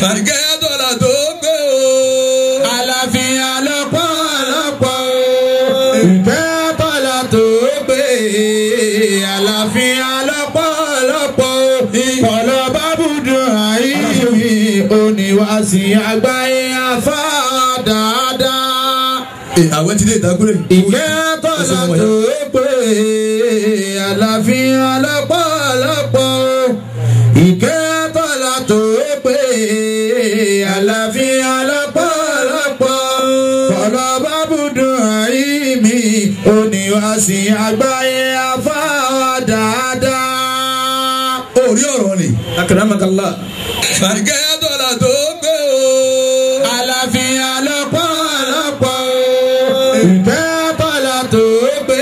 sàrìkẹ́ dọ̀là tó gbé o. àlàfin alọ́pọ̀ alọ́pọ̀ o. ìfẹ́ bọ̀là tó gbé àlàfin alọ́pọ̀ alọ́pọ̀ o. ìkọ̀lọ́ bábùdù àìyí oníwàsí àgbáyé afá dáadáa. àwọn ti lè dágbére. ìfẹ́ bọ̀là tó gbé àlàfin alọ́pọ̀. ẹ̀sìn àgbáyé afáwà dáadáa. orí ọ̀rọ̀ ni. akaramakala. sàgẹ́ dọ̀là tó gbé o. àlàfin alọ́pọ̀ alọ́pọ̀ o. ìfẹ́ bọ̀là tó gbé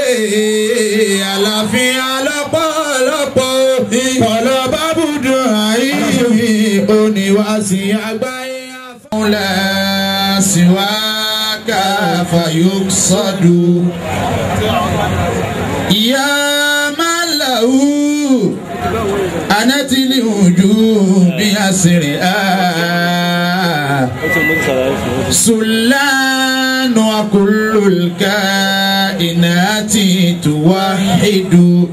àlàfin alọ́pọ̀ alọ́pọ̀ o. ìkọlọ bábùdù àìyí oníwàsí àgbáyé afáwà. la siwaka fayuksadu. يا من له أنت الوجوه بأسرها سلان وكل الكائنات توحد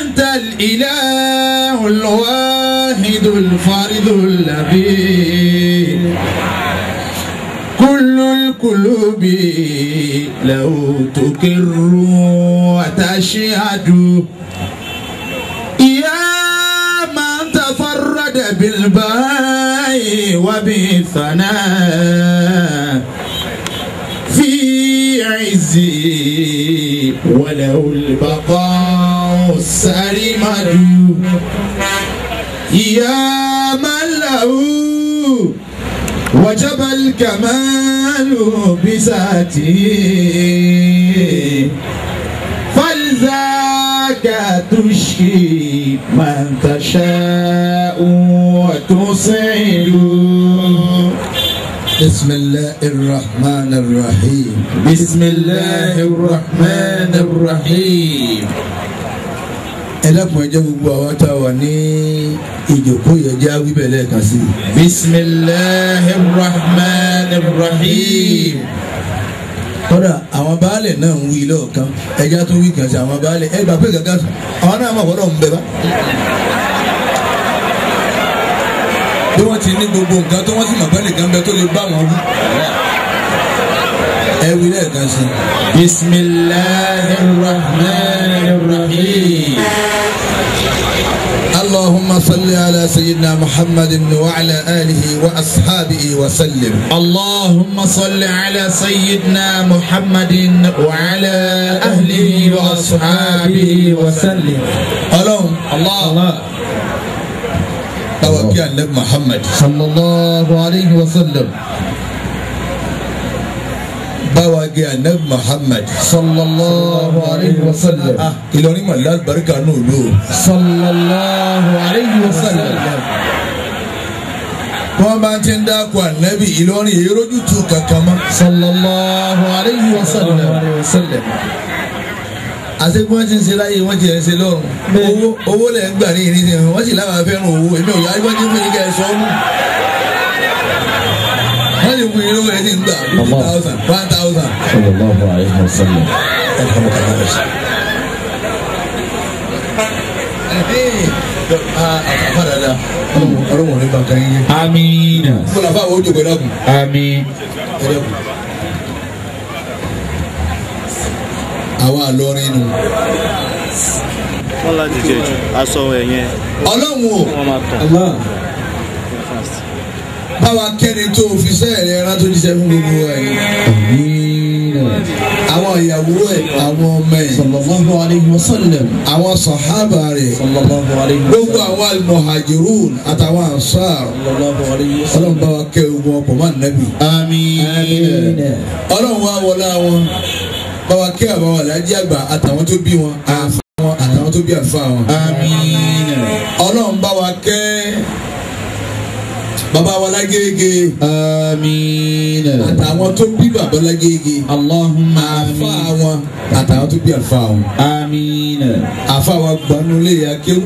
أنت الإله الواحد الفرد الذي قلوبي لو تكر وتشهد يا من تفرد بالباي وبالثناء في عزي ولو البقاء السليم يا من له وجب الكمال بذاته فلذاك تشكي من تشاء وتصعد بسم الله الرحمن الرحيم بسم الله الرحمن الرحيم ẹ dákun ẹ jẹ́ gbogbo àwa tá a wà ní ìjókòó yẹn wíbẹ̀ lẹ́ẹ̀kan sí i. bismillahir rahmanir rahim kódà àwọn baálẹ̀ náà ń wí lọ́ọ̀kan ẹja tó wí kàn sí àwọn baálẹ̀ ẹ gbà pé gàgà sùn àwọn náà máa wọ́dọ̀ ń bẹ bá. bí wọ́n ti ní gbogbo nǹkan tó wọ́n sì mọ̀ pẹ́ẹ́lì kan bẹ tó lè bá wọn wí. ẹ wí lẹ́ẹ̀kan sí. bismillahir rahmanir rahim. اللهم صل على سيدنا محمد وعلى آله وأصحابه وسلم اللهم صل على سيدنا محمد وعلى أهله وأصحابه وسلم اللهم الله توكل محمد صلى الله عليه وسلم báwa gé anabi muhammad sallallahu alayhi wa sallam ah, ìlọrin màlá barika náà lò sallallahu alayhi wa sallam wọ́n bá ti ń dáko ànábì ìlọrin ìrójú tu kankan mọ́. sallallahu alayhi wa sallam. àti bí wọ́n ti ń ṣe láyé wọ́n ti ń ṣe lọ́rùn owó owó lẹ̀ gbà ní ìrìnsẹ̀ wọ́n sì láwọn afẹ́ràn owó èmi ò yá wọ́n ti ń fún yín kẹ́ ẹ sọ́ọ́nù wọ́n lè fún yín lówó ẹni gbà fifty thousand one thousand. sọlọ́láhùn àyẹ̀wò sọlọ. ọlọ́wọ́n ní bàtà yín. amiina. fúnra fún àwọn ojúgbẹ́ náà kù. àmín báwa kẹ́ni tó fi sẹ́yìn rẹ̀ tó di sẹ́yìn gbogbo ẹ̀. àwọn ìyàwó ẹ̀ àwọn ọmọ ẹ̀. sallallahu alayhi wa àwọn sàhábà rẹ̀. sallallahu alayhi wa gbogbo àwọn almuhajirun àtàwọn ansar. sallallahu alayhi wa báwa kẹ́ ogun ọkọ̀ máa nàbì. àmín. ọlọ́run wá wọlé àwọn báwa kẹ́ àbáwọ̀ alájí àgbà àtàwọn tó bí wọn àfa wọn àtàwọn tó bí àfa wọn. àmín. ọlọ́run báwa kẹ́ bàbá wa lágége. amiina. àtàwọn tó bí bàbá lágége. Allahumma àmín. àfa wọn àtàwọn tó bí àfa wọn. amiina. àfa wa gbanulé ya kéwú.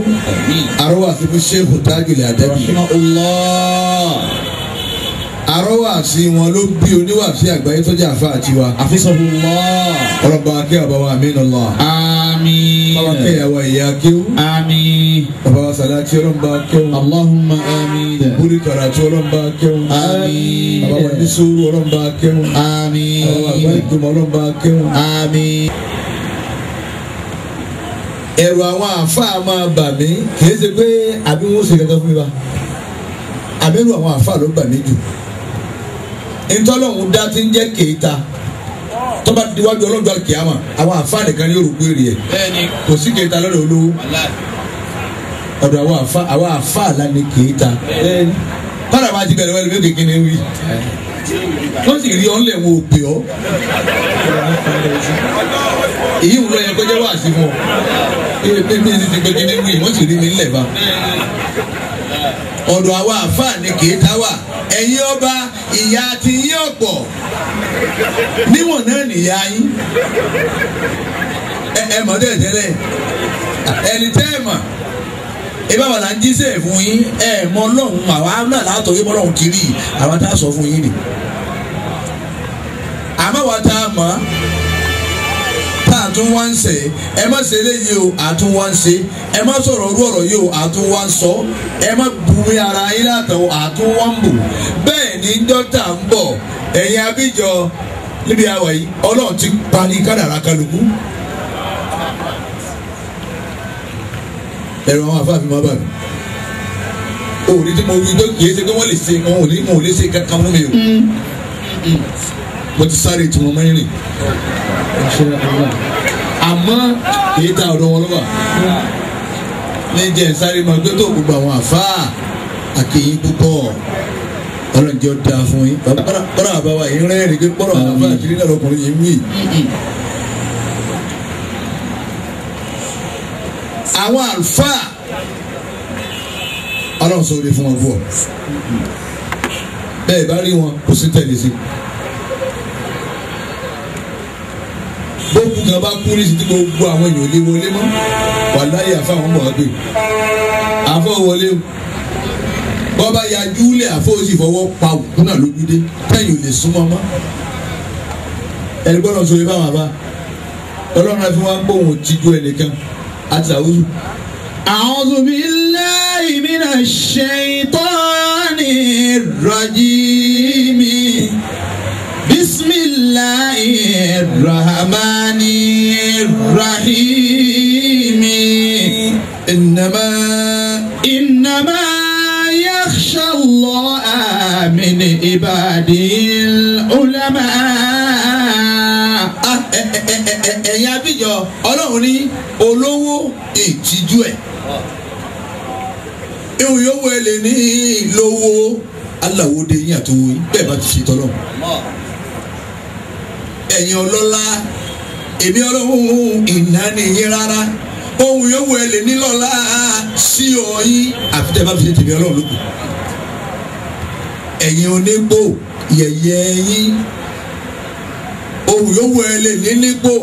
àrọ́wà sí fún Sheikh Tajul Adabi. rahimahullah àrọ́wàsí wọn ló bí oníwàsí àgbáyé tó jẹ́ àfa àtiwa. àfisọ̀hùn lọ́ọ̀. ọlọ́ba akẹ́ àbáwá àmín Allah àmín. bàbá kẹyà wa ìyá kéwù. àmín. bàbá wa sàlá tí ọlọ́run bá kéwù. Allahumma àmín. búrí kàrà tí ọlọ́run bá kéwù. àmín. bàbá wa nísòwò ọlọ́run bá kéwù. àmín. bàbá wa àgbà ìgbìmọ̀ ọlọ́run bá kéwù. àmín ẹ̀rù àwọn àáfàá máa bà mí kì í ṣe pé àbí wọn ó ṣe kankan fún mi ba àbẹ̀rù àwọn àáfàá ló bà mí jù ntọ́lọ́hún dá ti ń jẹ́ kéèta tó bá di wájú ọlọ́dún àti kìámà àwọn àfa nìkan ni yóò rò gbére yẹ kò sí kèéta lọ́dọ̀ olówó ọ̀dọ̀ àwọn àfa àwọn àfa àlá ni kèéta kọ́dà máa ti bẹ̀rẹ̀ wẹ́lẹ̀ lókè kí ni wí wọ́n sì rí ọ́n lẹ̀ wọ́n ọ́ èyí wúlọ yẹn kọjá wá sí fún ọ pé bí ẹni ti gbẹgẹ nínú yìí wọ́n sì rí mi nílẹ̀ bá ọ̀dọ̀ àwa àfa ni kèéta wà ẹ̀yin ọba ìyá ti yín ọ̀pọ̀ níwọ̀n náà nìyá yín ẹ mọ̀ tẹ́lẹ̀ tẹ́lẹ̀ ẹni tẹ́ ẹ mọ̀ ìbá wà là ń jíṣẹ́ fún yín ẹ mọ ọlọ́run àwa náà látọ̀ yín bọ́lọ́run kiri àwa tá a sọ fún yín ni àmọ́ wa tá a mọ̀ tá a tún wá ń ṣe ẹ má ṣe eléyìí o àtún ẹ má sọ̀rọ̀ orú ọ̀rọ̀ yìí o àtún ẹ má bu ara yín látọ̀ àtún bẹ́ẹ̀ níjọ́ tá à ń bọ̀ ẹ̀yin abíjọ níbi àwọ̀ yìí ọlọ́run ti parí kádàrá kálukú. ẹ̀rọ àwọn afáàfin máa bà mí òní tí mo wí tó kìí ṣe pé wọ́n lè ṣe kan òní mo lè ṣe kankan fún mi o mm. mo ti sáré tí mo máa ń rìn àmọ́ èyí tá ọ̀dọ̀ wọn ló wà ní jẹ́ sáré máa gbé tó gbogbo àwọn àfáà àkèyí púpọ̀ ọlọ́njẹ́ ó dáa fún yín bọ́dà àbáwá yìí rẹ́rìn pé bọ́dà àbáwá àti nílẹ̀ ọkùnrin yìí ń wí. àwọn àlùfáà ọlọ́run sọ orí fún wọn fún ọ bẹ́ẹ̀ bá rí wọn kò sí tẹ̀lé sí. gbogbo kan bá kú ní ìsìtí gbogbo àwọn èèyàn lé wọlé mọ́ wàláyé àfa àwọn ọmọ wa gbé àfa wọlé o bọ́ba yajú lẹ̀ àfọwọ́sì fọwọ́ pa òkú náà lójú dé ò lè súnmọ́ mọ́ ẹni gbọ́dọ̀ sọ yẹn bá wà ọlọ́run àfi wọn pé òun ti ju ẹnìkan àti àwùjọ. A'udhu billahi minash shaytanir rajim. Bismillahir rahmanir rahim. Innama innama. من عبادي العلماء ẹ̀yin abijọ́ ọlọ́run ní olówó ìtìjú ẹ̀ ihun yòówó ẹ lè ní lówó aláwòde yín àtòwò yín bẹ́ẹ̀ bá ti ṣe tọ́lọ̀ ẹ̀yin ọlọ́lá èmi ọlọ́run ìnáníyín rárá ohun yòówó ẹ lè ní lọ́lá sí ọ̀yin àfi tẹ́ bá fi ṣe tèmi ọlọ́run lókun ẹ̀yin onígbò yẹ̀yẹ́ yín ohun yòówù ẹ lè ní nígbò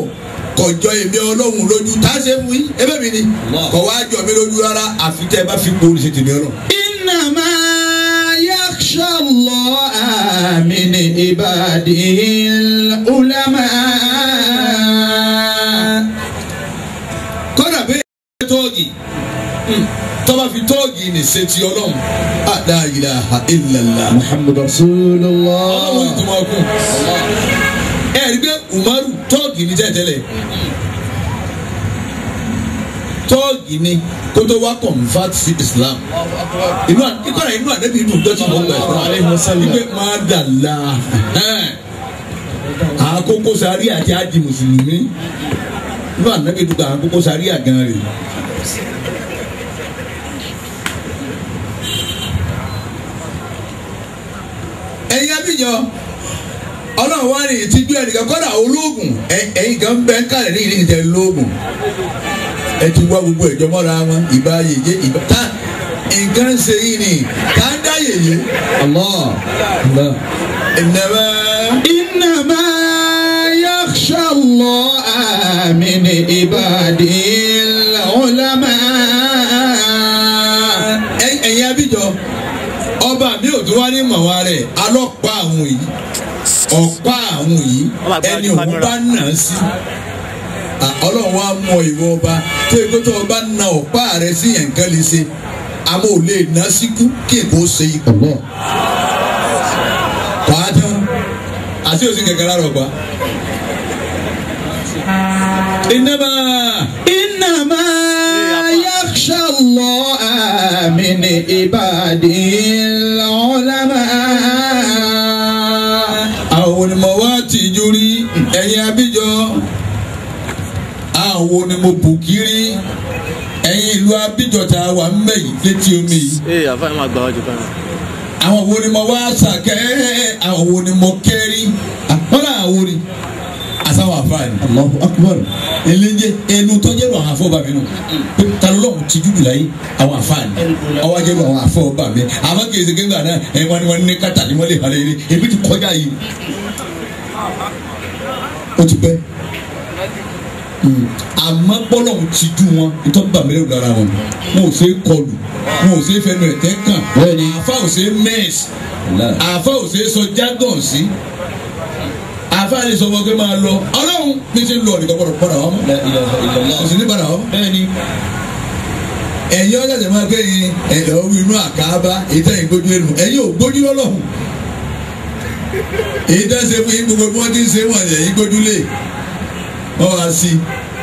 kọjọ èmi ọlọ́run lójú tá a ṣe fún yín ebe mi ni kọ̀ wá jọ mi lójú rárá àfi tẹ́ ẹ bá fi kú olùsètò mi ọlọ́run. iná máa yakhsha Allah min ibadil ulama. kọ́dà bẹ́ẹ̀ tó yìí. Hmm fi tọ́ọ̀gì ní ṣètì ọlọ́run la ilaha illallah. muhammadu rasulullah. ọlọ́run ìtumọ̀ ọkùn. ẹ rí pé umaru tọ́ọ̀gì ní tẹ́tẹ́lẹ̀ tọ́ọ̀gì ni kó tó convert sí islam inú ikọ̀ rẹ̀ inú àdébí dùn tó ti mọ̀ gbà ìpè máa dà la àkókò sáré àti àjì mùsùlùmí inú àdébí dùn kà àkókò sáré àgàn dìjọ ọlọ́run wá ní ìtìjú ẹnìkan kọ́dà olóògùn ẹ̀yin kan bẹ́ẹ̀ kálẹ̀ ní ìdíje tẹ̀ lóògùn ẹ ti wá gbogbo ìjọ mọ́ra wọn ìbá yèyé ìbá tá nǹkan ṣe yìí ni tá a dá yèyé. ìnàbà. ìnàbà yakhsha Allah min ibadil ulama. ẹ̀yin abijọ́ tó wá ní màwá rẹ̀ alọ́pá àwọn yìí ọ̀pá àwọn yìí ẹni òun bá nà á sí ọlọ́run wa mọ ìwọ ọba tó ikú tó ọba na ọ̀pá rẹ̀ sí yẹn nǹkan lè ṣe àmọ́ ò lè ná síkú kí èkó ṣe ikú náà pàtó àti òsì kẹkẹrẹ rẹ ọgbà. ìnáma ìnáma. يخشى الله من عباده العلماء àwọn onímọ̀wáàtì ìjúrí ẹ̀yin abíjọ àwọn onímọ̀ bùkírí ẹ̀yin ìlú abíjọ tá a wà ń bẹ̀ yìí létí omi yìí. ee àfáà máa gbà wájú kan. àwọn wo ni mo wá sàkẹ́ àwọn wo ni mo kẹ́rí àpọ́nlá àwọn ni asawa afaani. Allahu Akbar eléyé ẹnu tọ́jú ẹ̀rọ àwọn afọ́bàmínú méjìlá yìí àwọn àfáàní ọwọ́ ajẹ́ àwọn àfọ ọba mi àmọ́ kì í ṣe kéńgà náà ẹ̀ wọ́n ni wọ́n ní kàtà ni wọ́n lè halẹ̀ yìí ebi ti kọjá yìí ó ti pẹ́ hmm. àmọ́ bọ́lọ̀ ń tijú wọn ìtọ́gbà mẹ́rẹ̀ẹ́wò lára wọn wọn ò ṣe é kọlù wọn ò ṣe é fẹnu ẹ̀tẹ́ kàn àfa ò ṣe é mẹ́ẹ̀sì àfa ò ṣe é sọ jágàn sí àfa lè sọ wọgbẹ́ máa lọ ọlọ́run bí ṣe lọ ọ̀nìkan gbọ́dọ̀ wọn mọ́ òsì ní padà wọn ẹ̀yin ọ̀dẹ̀dẹ̀ máa gbé yin ẹ̀dẹ̀ ọ̀hún inú àkàbá ìtẹ́ ìgbójú ẹnu ẹ̀yin ò gbójú lọ́lọ́hùn èyí tẹ́ ṣe fún yín gbogbo bí wọ́n ti ń ṣe wọ̀n ẹ̀yin gbójú lé ọ̀ wá sí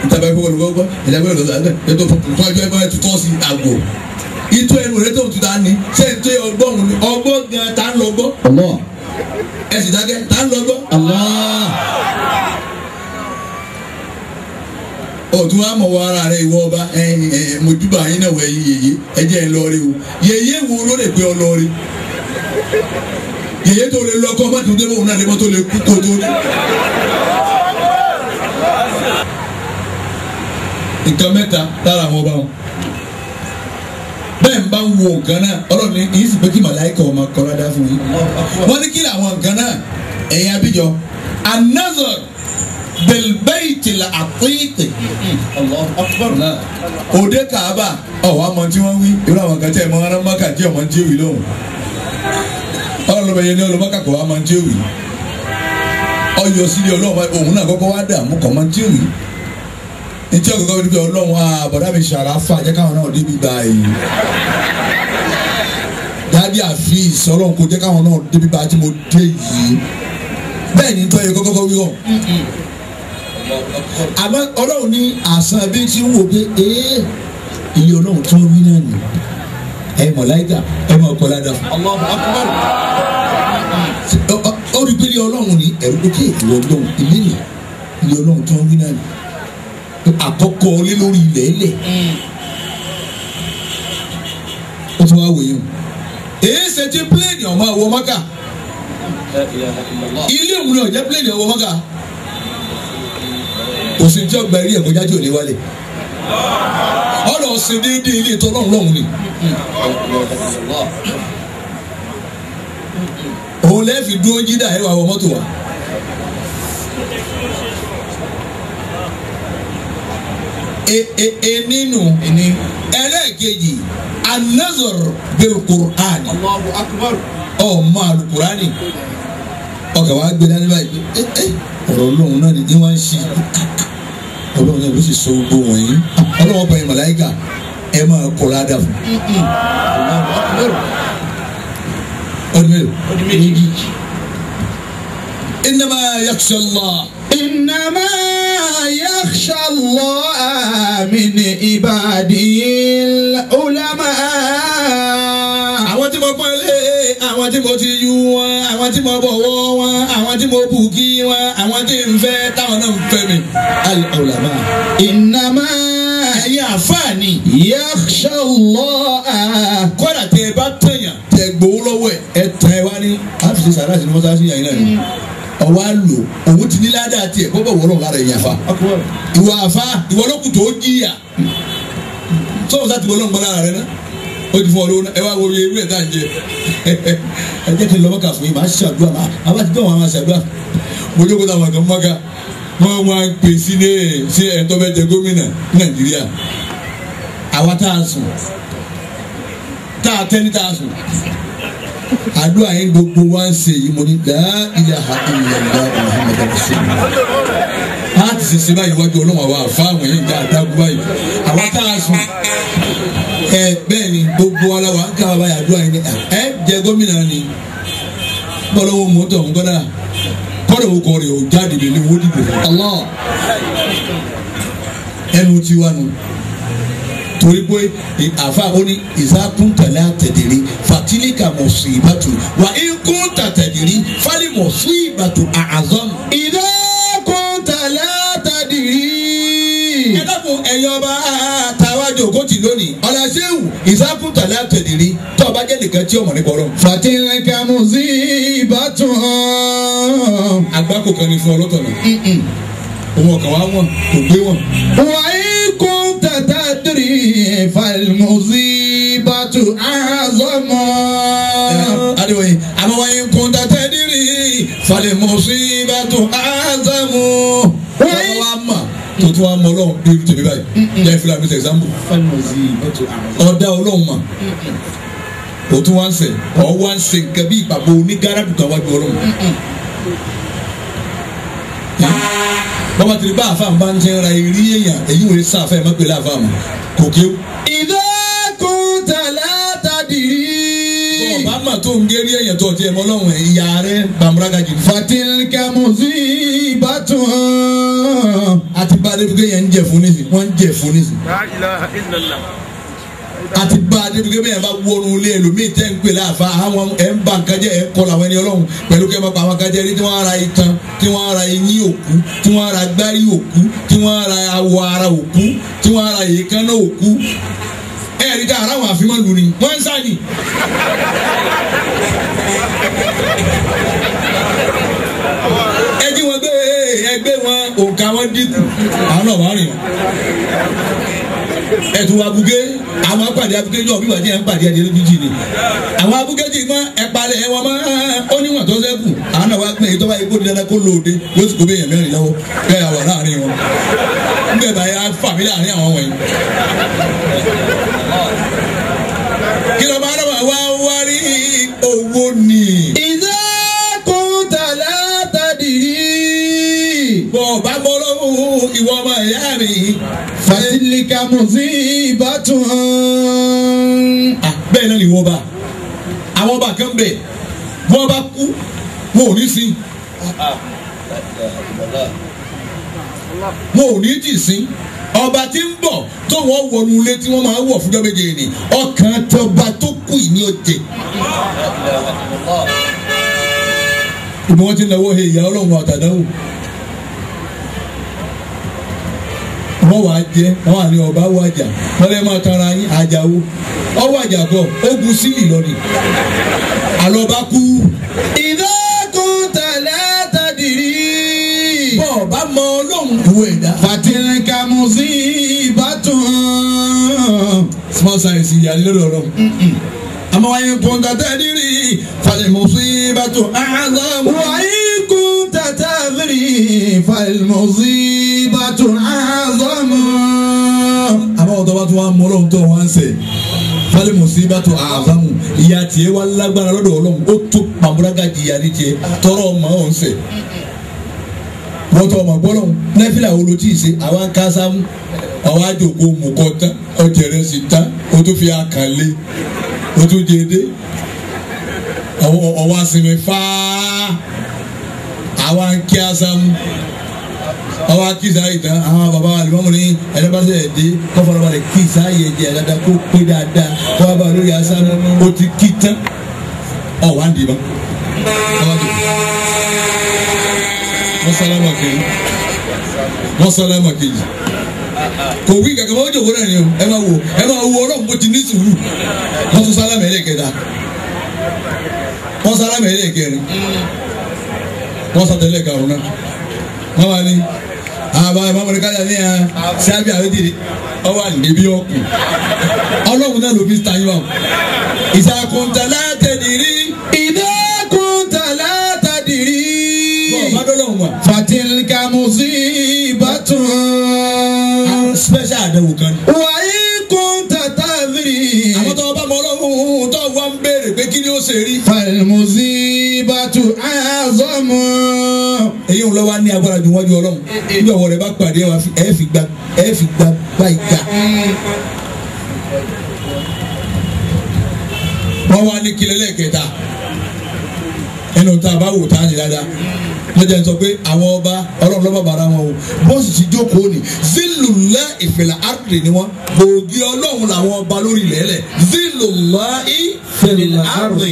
ìtàbí ẹ̀fọ́ olùkọ́ ẹ̀dá bẹ́ẹ̀ lọ́dọ̀ àgbẹ̀ ètò fún ẹjọ́ ẹgbẹ́ tó tọ́ sí àgò ìtọ́ ẹnu rẹ tó ń tuta ni ṣé ń tẹ́ ọgbọ́n ọgbọ́n gan ta ń lọ gbọ́ ẹ̀ sì dákẹ́ ta ń lọ gbọ́ ọ̀tún wa mọ̀ wọ ara rẹ̀ ìwọ ọba mojúbà yín náà wẹ̀ yín yèyé ẹjẹ́ ẹ̀ lọ́ọ́rẹ́ o yèyé wo ló lè pé ọ lọ́ọ́rẹ́ yèyé tó lè lọ́kọ́ má tún débò náà débò tó lè kú kó tó dé. nǹkan mẹ́ta lára àwọn ọba wọn bẹ́ẹ̀ ń bá ń wo nǹkan náà ọlọ́run ní ìsìn pé kí màláìkà ọmọ kọ́ládá fún yín wọ́n ní kí làwọn nǹkan náà ẹ̀yin abíjọ another bilbaiti la àtìkì Allahu Akbar òde kàába ọ̀wọ́ àmọ́ tí wọ́n wí irú àwọn kan tẹ́ ẹ̀ mọ́ ara mọ́kà tí ọmọ tí ó wì lóhùn ọlọ́lọ́bẹ̀ yẹn ní ọlọ́mọ́kà kọ́ àmọ́ tí ó wì ọyọ sílẹ̀ ọlọ́run òun náà kọ́kọ́ wá dààmú kọ́ máa ń jèrè ntí ọ̀gọ́gọ́ níbi ọlọ́run àbọ̀dá ah, mi ṣàràfà jẹ́ káwọn náà débi báyìí dáadé àfíìs ọlọ́run kò jẹ́ káwọn náà débi báyìí tí mo dé yìí bẹ́ẹ̀ ni ntọ́ yẹ kọ́kọ́kọ́ wíwọ̀ àmọ́ ọlọ́run ní àṣà bí tí ń wò pé ee iye ọlọ́run tó wí náà nì ẹ mọ̀ láìka ẹ mọ̀ ọkọ̀ ládàá. ó rí pé ilé ọlọ́run ní ẹ̀rú pé ìwọ ọlọ́run ilé nì ilé ọlọ́run tó wí náà nì àkọ́kọ́ ilé lórí ilẹ̀ ẹlẹ̀ ó tún wá wòye o èyí ṣe ti pílẹ̀nì ọmọ àwọn ọmọ ká ilé òun náà pílẹ̀nì ọmọ ká kò sí tí ọgbà eré ẹ̀kọ́ jáde òní wálé ọ̀rọ̀ ọ̀sìn déédéé ilé ìtọ́ lọ́hùn lọ́hùn ni. òun lẹ́ẹ̀fì dúró jídà ẹ̀rọ àwọn mọ́tò wa. eninu e, e e ẹlẹ́ẹ̀kejì anazor bil qur'ani ọ̀ máa lu qur'ani ọkà wa gbé dání báyìí eh, eh, ọ̀rọ̀ Ọlọ́run náà ni wọ́n ń ṣe ọlọ́run náà ló sì so gbogbo wọ̀nyí ọlọ́run ọba yẹn màláìkà ẹ máa kọ́ ládàá fún ọdún mélòó ọdún méjì. إنما يخشى الله إنما يخشى الله من عباده العلماء àwọn tí mo pọ́n lé àwọn tí mo ti yú wọn àwọn tí mo bọ̀wọ̀ wọn àwọn tí mo bù kí wọn àwọn tí n fẹ́ táwọn náà ń fẹ́ mi. alàwùlàmà. ìnàmá ayé ya yakhsha Allah. kọ́dà tẹ bá tẹ̀yàn tẹ gbowó lọ́wọ́ ẹ̀ ẹ̀ tẹ̀ wá ní. a fi ṣe sàrà sí ni mm. wọ́n sá sí yàrá yìí náà ọwọ́ àlò òun ti ní ládàá tiẹ̀ bọ́bọ̀ wọ́n lọ́ọ́ lára ẹ̀yìn afa ìwà afa ìwọ lọ́kùn tó jìyà mm. sọ́wọ́n ó ti fún ọ lóhùn ẹ wá wo ewé ẹ̀ tá à ń jẹ ẹ jẹ́ kí n lọ mọ́ka fún yín màá ṣàdúrà màá àbá ti dán àwọn àwọn ṣàdúrà mo jókòó táwọn kan mọ́ka wọ́n máa ń pè sí ní ṣé ẹ̀ tó fẹ́ jẹ gómìnà Nàìjíríà àwa tá a sùn tá a tẹ́ sùn àdúrà yẹn gbogbo wa ń ṣe yìí mo ní dáa ìyá àti ìyá ìyá Muhammadu rasulillah a ti ṣe ṣe báyìí wájú ọlọ́wọ́n wa fáwọn yìí nǹkan àtàkùn báyìí àwọn tá a sùn ẹ bẹ́ẹ̀ ni gbogbo ara wa ń ká wa báyìí àdúrà yìí ẹ jẹ gómìnà ni bọ́lọ́wọ́ mọ́tò ńgọ́dà kọ́dọ̀ wo kọ́ rẹ̀ o jáde lè wo dìbò Allah ẹnu tiwa nu torí pé àfa ó ní ìsákúntàlẹ́ àtẹ̀dẹ̀rẹ́ fatilika mọ̀sùn ìbátò wà ń kó tàtẹ̀dẹ̀rẹ́ fálímọ̀sùn ìbátò àhàzọ́nù. ìdá. dákun ẹ̀yin ọba tàwa jòkótì lónìí ọ̀làṣẹ́wù ìsákùntàlá tẹ̀lẹ̀rí tó ọba jẹ́ nìkan tí ọmọ ní kọ́rọ́. fatilaka musibatun. àgbákò kan ní fún ọlọ́tọ̀ náà òun ọ̀kan wá wọn kò gbé wọn. wàyí kún tata tiri falmusibatu azọmọ. adéwọ̀ yìí àmọ́ wàyí kún tata tiri falmusibatu azọmọ. wàyí kún tata tiri falmusibatu azọmọ tó tún wá mọ ọlọ́run bí orí tèmi báyìí jẹ́ ìfúnra mi sẹ̀ example ọ̀dà ọlọ́run mà o tún wá ń sẹ̀ ọ̀ wá ń sẹ̀ nǹkan bí ìpàgbọ́ oní gáràdù kan wájú ọlọ́run bọ́mọ tìrì bá àfa bá ń tẹ́ ra eré èèyàn èyí wòye sáfẹ́ mọ́pẹ́lẹ́ àfa kò kéwù. mà tó ń gérí ẹ̀yẹ̀ tó ti ẹ̀ mọ́ lọ́wọ́ ẹ̀ ìyá rẹ̀ bàmúrágà jù. fatilka musibatun. àti bàdébùkẹ́ yẹn ń jẹ fún nísì wọ́n ń jẹ fún nísì. la ilaha illallah. àti bàdébùkẹ́ bẹ́ẹ̀ bá wọrun lé ẹlòmíì tẹ́ ń pè láàfa àwọn ẹ̀ ń ba nǹkan ẹ̀ kọ́ làwọn ẹni ọlọ́run pẹ̀lú kẹ́ ẹ máa pa àwọn kájẹ́ rí tí wọ́n ara itan tí wọ́n ara eyín òkú tí wọ́n ara gbárí ẹ̀rí ká aráwọ̀ àfimọ́ lù ni wọ́n ń sá ni. ẹ jí wọn gbé ẹgbẹ́ wọn òǹkà wọn dínkù àwọn náà wà rìn ẹtù abuge àwọn apàdé abuge yọ bí wàjú ẹ ń pàdé ẹdí méjì ni àwọn abuge jì mọ ẹpàdé ẹwọn mọ ó níwọn tó ṣẹ́kù àwọn náà wà pín èyí tó bá yẹ kó di dandan kó lòde lóṣù kó bẹ yẹn mẹ́rin lọ́wọ́ bẹ́ẹ̀ àwọn láàrin wọn ń bẹ̀ báyà fà mí láàrin àwọn wọ̀nyí. kí ló máa dábàá wá wárí owó ni. ìdá kún tàlẹ́ tàdìrí. bọ̀ bá bọ́ lọ́wọ́ ìwọ ọmọ ìyá mi. fàtílíkà mùsí ìbátan. bẹ́ẹ̀ náà ni wọ́n bá àwọn ọba kan bẹ̀ wọ́n bá kú wọn ò ní sí wọn ò ní jì sí ọba tí ń bọ̀ tó wọ́n wọnú ilé tí wọ́n máa wọ̀ fúnjọ́ méje ni ọkàn tọba tó kù ní òjè. ìmọ̀ wọn ti náwó he ìyá ọlọ́run àtàdáwò wọ́n wàá jẹ́ wọ́n àní ọba wàjà wọ́n lè máa tara yín àjàwó ọwọ́ àjàgọ́ ogun sílì lọ́ni àlọ́ bá kú. ìyàwó ẹ̀dá. fatilka musibatun. small size ìyàlérò ọ̀rọ̀. àmọ́ wáyé kún tata rírí fal musibatu a'zamu. wáyé kún tata rírí fal musibatu a'zamu. àmọ́ ọ̀dọ́ bá tún wá mọ́ lóhun tó wá ń sè fali musiba to azamu ìyà tiẹ̀ wà lágbára lọ́dọ̀ Ọlọ́run ó tó pàmùrágà jìyà ní tiẹ̀ tọrọ ọmọ ọhún sẹ bọ́tọ̀ ọmọ gbọ́dọ̀ nẹ́fìlà wo ló ti ṣe àwọn kásámù àwọn àjòkó mùkọ́ tán ọjẹ̀rẹ̀ sì tán o tún fi àkànlé o tún jẹ́dé ọwọ́ àsìnmi fáá àwọn kíásámù àwọn akíza yìí tán àwọn baba alimami ni ẹlẹ́bàṣẹ́ yẹn dé kọ́fọ́nàbàlẹ̀ kíza yẹn jẹ́ ẹ̀dáda kó pé dáadáa kọ́fọ́nàbà lórí asámù o ti kí tán ọ̀ wá ń dì wọ́n sálámà kejì wọ́n sálámà kejì kò wí kankan wọ́n jòkó náà ni o ẹ máa wò ẹ máa wo ọlọ́run bó ti ní sùúrù wọ́n tún sálámà ẹlẹ́kẹta wọ́n sálámà ẹlẹ́kẹrin wọ́n sátẹ̀lẹ̀ karùn náà wọ́n máa ní àbá ìmọ̀mọ́ni kájà ní ẹ sábì àwẹ́dìrì ọwọ́ àdìbí ọkùn ọlọ́run náà ló fi ta yín wa ìsàkùntàlá tilka musibatu. special àdéhùn kan. wàyí kún tata firi. àwọn tó bá mọ ọlọ́run tó wá ń béèrè pé kí ni ó ṣe rí. falmusibatu azamu. èyí ń lọ wá ní agbára ju wájú ọlọ́run níbi ọ̀wọ́ rẹ̀ bá pàdé nínú tá a bá wò tá a yìí dáadáa lọ́jà ń sọ pé àwọn ọba ọlọ́run lọ́ba bàrà wọn o bọ́ọ̀sì ti jókòó ni zilulẹ̀ ìfẹ̀lẹ̀ àrùtì ni wọ́n gbòógì ọlọ́run làwọn ọba lórí ilẹ̀ẹ́lẹ̀ zilulẹ̀ ìfẹ̀lẹ̀ àrùtì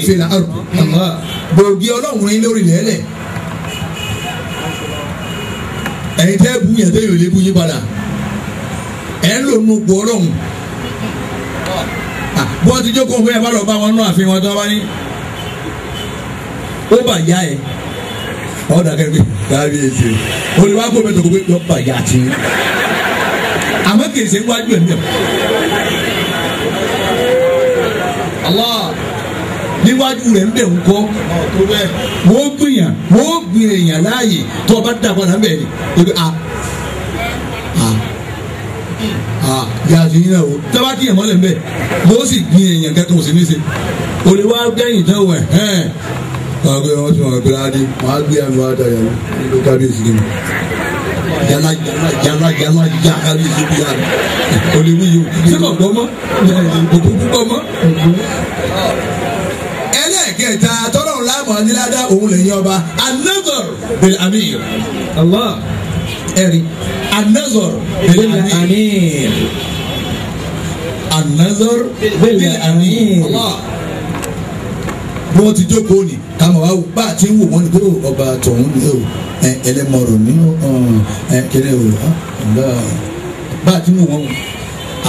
gbòógì ọlọ́run ní lórí ilẹ̀ẹ́lẹ̀ ẹ̀yin tẹ́ bu yẹn tẹ́ yóò lé bu yín padà ẹ̀ ń lò nù gbọ́ ọlọ́run ah, bọ́ọ̀sì jókòó fún ẹ̀ bá lọ bá wọn nù àfihàn tó bá ní ó bà yá ẹ ọ̀ dàgẹ́ pé kábíyèsí olùwà kò mẹ́tò kó pé lọ́ bà yá ti àmọ́ kì í ṣe wájú ẹ̀ mẹ́ọ̀ Allah níwájú rẹ̀ ń bẹ̀ ń kọ́ wọ́n gbìyàn wọ́n gbìyàn láàyè tó o bá dàgbà náà bẹ̀ ni a yàtò yín náà o tábà kí èèyàn mọ́lẹ̀ mbẹ́ mo sì gbin èèyàn kẹ́tọ́ òsì ní í ṣe olè gbẹ̀yìn tán wẹ̀ wọn gbé wọn sọ wọn gbé adé wọn á gbé àmì wọn àtàyà ló kábíyèsí ni jama jama jama ja kábíyèsí bí yàrá olùwí yìí ṣé kò gbọ́ mọ́ òkú gbọ́ mọ́. ẹlẹ́ẹ̀kẹta tọ́lọ̀ láàmú adíládá òun lẹ́yìn ọba anagor bẹ̀rẹ̀ amir ẹ̀rí anagor bẹ̀rẹ̀ amir anagor bẹ̀rẹ̀ amir bí ti jókòó ni táwọn wá bá ti ń wò wọ́n oh, ọba tọ̀hún ni oh, oh, o ẹlẹ́mọ̀rọ̀ ní kẹlẹ́ o bá ti ń wò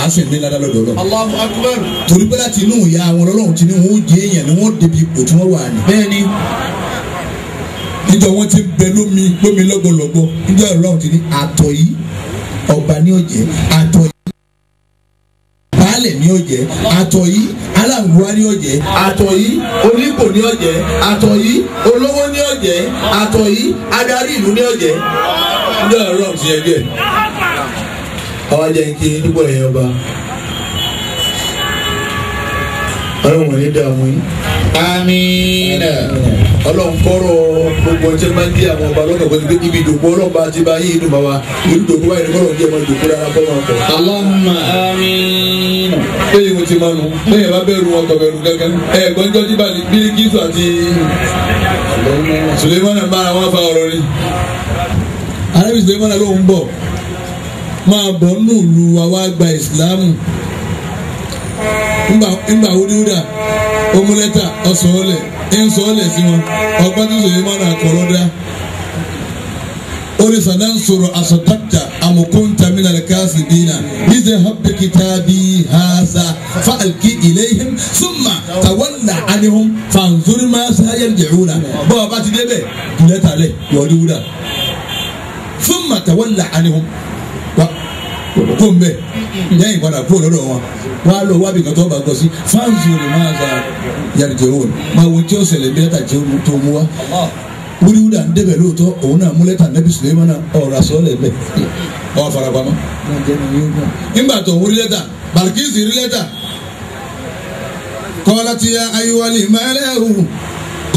a sì ní ládàá lọ́dọ̀ lọ. Allahu Akbar. torí pé láti inú ìyá àwọn ọlọ́run ti ní wọn ó jẹ èèyàn ni wọn ó débi ipò tí wọ́n wà ní. bẹ́ẹ̀ni. níjọ wọn ti bẹ lómi lómi lọ́gọ̀lọ́gọ̀ níjọ ọlọ́run ti ní àtọ̀ yìí ọba ní ọ̀jẹ̀ àtọ̀ yìí alálẹ̀ ní ọ̀jẹ̀ àtọ̀ yìí aláǹgbá ní ọ̀jẹ̀ àtọ̀ yìí onípò ní ọ̀jẹ̀ àtọ̀ yìí olówó ní ọ̀jẹ̀ àtọ̀ yìí adarí ìlú ní ọ̀jẹ̀ ní ọ̀rọ̀ ti yẹ díẹ̀ àwọn ajá ń kí dúpọ̀ ẹ̀yìn ọba ọlọ́run ní dààmú yìí àmín ọlọ́run kọ́rọ̀ gbogbo ọjọ́ máa ń gé àwọn ọba lọ́kàn pẹ̀lú pé ibi ìdòkú ọlọ́run bá ti bá yí inú bàbá ìlú ìdòkú báyìí nígbà ọ̀rọ̀ jẹ́ ọmọ ìdòkú rárá bọ́ máa kọ̀. Allahumma àmín. péye mo ti máa nù péye bá bẹ̀rù wọn kọ̀ bẹ̀rù kankan ẹ̀ gbọ́njọ́ tí bàtí Bílíkísù àti Sùlẹ́mánà bára wọn fa ọ̀rọ̀ ni. arábìsùlẹ́mánà ló ń bọ̀ máa bọ̀ nù lù àwa gba ìsìlámù ngba wúdiwúdà omulẹ́tà ọ̀sọ̀ọ́lẹ̀ ẹ̀ńsọ̀ọ́lẹ̀ sí wọn ọgbà tó sèyí mọ́ra kọ̀rọ̀dá ori sanan soro asotakta amukunta min alkasidina izhab bikitabi hadha fa alqi ilayhim thumma tawalla anhum fanzur ma sayarji'una bo ba ti debe leta le yori wuda thumma tawalla kó n bẹ ǹjẹ́ ìpadà kó lọ́dọ̀ wọn wọ́n á lọ wábì kan tó bá gbọ́ sí fáǹsì olè máa ń sa yàrá ìjọ òun máa wo tí ó ṣẹlẹ̀ bí ẹ̀ta jẹ́ ohun tó mú wa wúdiwúdi à ń débẹ̀ lóòótọ́ òun náà múlẹ̀ tà nẹ́bí sùlẹ́mọ́ náà ọ̀rọ̀ àsọ̀lẹ̀ bẹ̀ ọ̀ farapamọ́. nígbà tó wúri lẹ́tà Balkis rí lẹ́tà kọ́lá ti ya ayé wálé máa lẹ́hùn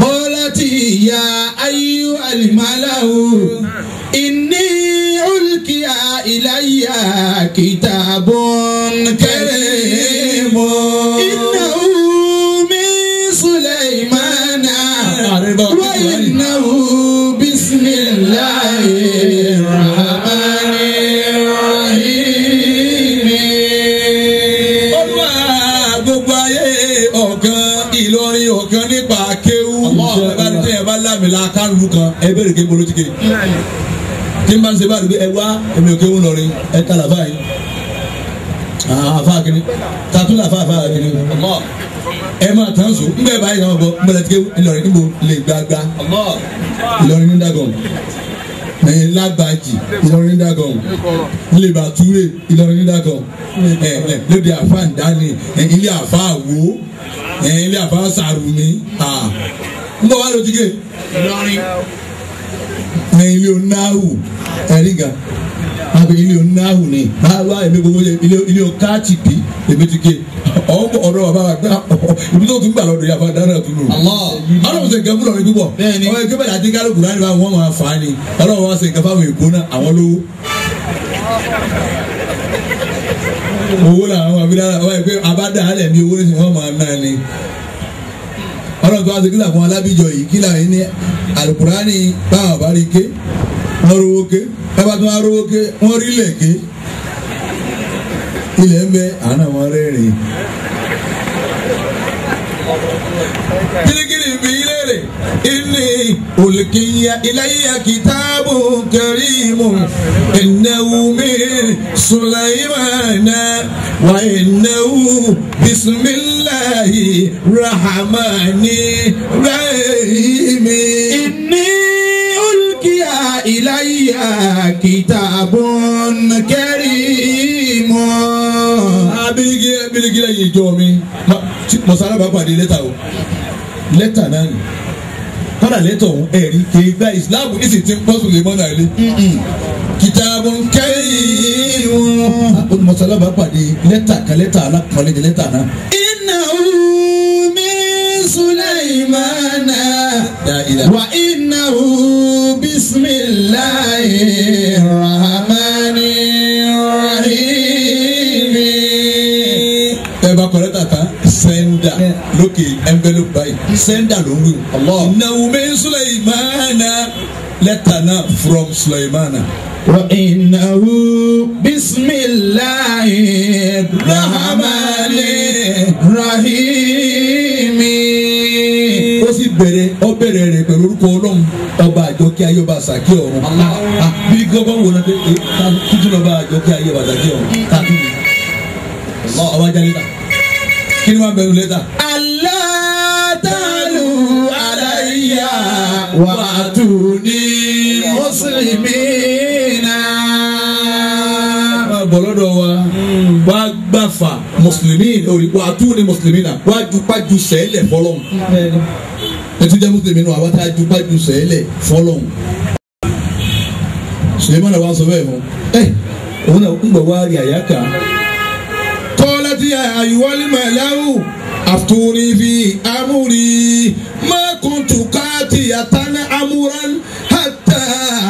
kọ́látì ìyá ayú àlìmáláwo ìní olùkíyà ìláyà kìtàbọ̀n kẹrẹ́ mọ́. ìnáwó mi sùlẹ̀ ìmánà wọ́n ìnáwó bísí mi láàyè. ọ̀gán Ìlọrin ọ̀gán nípa akéwú ọ̀gán bá ní tẹ́yẹ̀ bá lámìlá kánú kan ẹ bẹ̀rẹ̀ ké bolójúke tí n bá ń ṣe báyìí ẹ wá èmi ò kéwú lọrin ẹ kà láfa yìí àfa kìíní tatúlà àfa àfa kìíní ẹ máa tán so n bẹ́ẹ̀ báyìí náà bọ̀ n bẹ̀rẹ̀ tẹ́wọ́ Ìlọrin níbo lè gbàgbà Ìlọrin ní dàgọ̀ ẹ lágbàjì Ìlọrin dàgàn ńlẹbàtúrè Ìlọrin dàgàn ẹ ẹ lóde àfa ǹdání ẹ ilé àfa àwo ẹ ilé àfa sàrùmí à ń bọ̀ wá lójúgé Ìlọrin ẹ ilé onáhù ẹ rí gan àbí ilé onáhù ni àwa èmi gbogbo ilé okáàtì bí èmi ti ké ọ̀rọ̀ bàbá wa gbá ibi tó tún gbà lọ́dọ̀ yàrá dáná tún lò. ọlọ́run ṣe nǹkan fúnra mi púpọ̀ ọmọ ẹgbẹ́ bẹ̀rẹ̀ àti kálukú láti bá wọn máa fà á ni ọlọ́run wá ṣe nǹkan fáwọn èkó náà àwọn lówó owó làwọn abidára wáyé pé abada alẹ ní owó ní wọn máa ná ni ọlọ́run tó wá sí kílà fún alábìjọ yìí kílà yìí ní alukurani báwọn bá rí ké wọn rówó ké bàbá tó wá rówó ké wọ́n rí ilẹ̀ ké ilẹ̀ ń bẹ àná wọn rẹ́rìn. kirikiri bi ilere inni olùkìyà ilayya kìtàbù kẹrìmù ìnáwó mi sùlẹ̀mánà wà ìnáwó bisimilahi rahmani rahimi. inni. Ya ilayya إلي كتاب كريم abirigi abirigi la yin jọ mi mọsálà bá pàdé lẹ́tà o lẹ́tà náà ni kọ́dà lẹ́tà ọ̀hún ẹ̀rí kìí gba islam ní sì ti ń pọ́sùn lè mọ́nà ilé kìtàbù kẹ́yìn o mọsálà bá pàdé lẹ́tà kan lẹ́tà alákọ̀ọ́lẹ́jẹ lẹ́tà náà. iná o. سليمان وإنه بسم الله الرحمن الرحيم ẹ̀bá kọ̀rẹ́ tata sẹ́ńdà lókè envelope báyìí sẹ́ńdà ló ń wí. Nàwùmẹ́ Sulaimana lẹ́tà náà from Sulaimana. وإنه بسم الله الرحمن الرحيم ó sì bẹ̀rẹ̀ ó bẹ̀rẹ̀ rẹ̀ pẹ̀lú orúkọ ọlọ́run ọba àjọkẹ́ ayé ọba àsàkí ọ̀run ah, bí gọ́gọ́n wò lọ́dẹ tuntun ọba àjọkẹ́ ayé ọba àsàkí ọ̀run tàbí ọba jẹ́ lẹ́tà kí ni wọ́n bẹ̀rù lẹ́tà. alátàlù aláìyá wàtú ní mùsùlùmí náà. bọ̀lọ́dọ̀ wa gbàfà mùsùlùmí wàá tún ní mùsùlùmí náà wàá jupájú sẹ́lẹ̀ fọlọ́n ètò jẹ́ mùsùlùmí náà wàá tá a jupájú sẹ́lẹ̀ fọlọ́n sùlẹ́mọ́ náà wàá sọ bẹ́ẹ̀ fún ẹ òun náà ń gbọ̀ wá rí àyà kan. tọ́lá ti àyùwọ́lì màláwù àtúrí fi amúrí mọ́kùntùká ti yàtá ní amúrán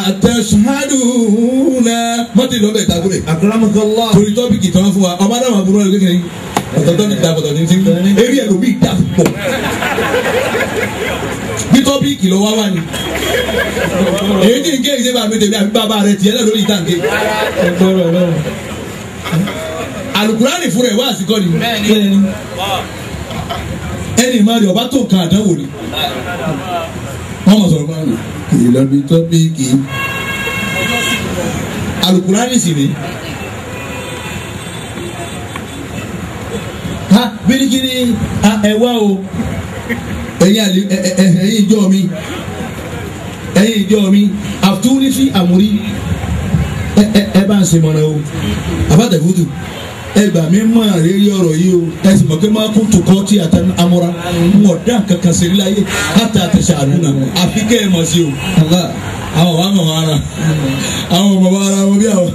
àtẹ̀sùnmádùúnà. mọ́tì lọ́bẹ̀ ìtàkùrẹ̀. àkàràmọ̀kọ́lá. torí tọ́pìkì tán fún wa ọmọ náà máa burú ọ̀rẹ́ kékeré ọ̀tọ̀tọ̀ ní ìdàpọ̀ tọ̀tọ̀ ní ti eré ẹ̀rọ bí ìdà pọ̀ bí tọ́pìkì lọ́wọ́ wà ní. èyí tí n ké ìṣe bàbá mi tèmi àbí bàbá rẹ tiẹ̀ náà lórí ìtàǹkè. alukurani fúnra ẹ̀ wá àsìkò ni ẹni ìmáàlì ọba tó nǹkan àdánwò ni wọ́n mọ̀ sọ̀rọ̀ máa ń lò ìlọrin tó bí kì í alukurani sì ni ha bíríkìrì ẹ wá o ẹ̀yin ìjọ mi ẹ̀yin ìjọ mi àtúndì sí àmúrí ẹ bá ń ṣe mọ̀nà o àbátẹ̀kùtù ẹgbà mi mọ àrírí ọ̀rọ̀ yìí o ẹ sì mọ̀ pé máa kún tó kọ́ tí àtẹ amúra wọn ọ̀dà kankan sí ní láyé àtẹ àtẹ̀sẹ̀ àdúnà àfi kẹ́ ẹ mọ̀ sí o àwọn ọmọ àmọ̀ ara àwọn ọmọ ara wọn bí àwọn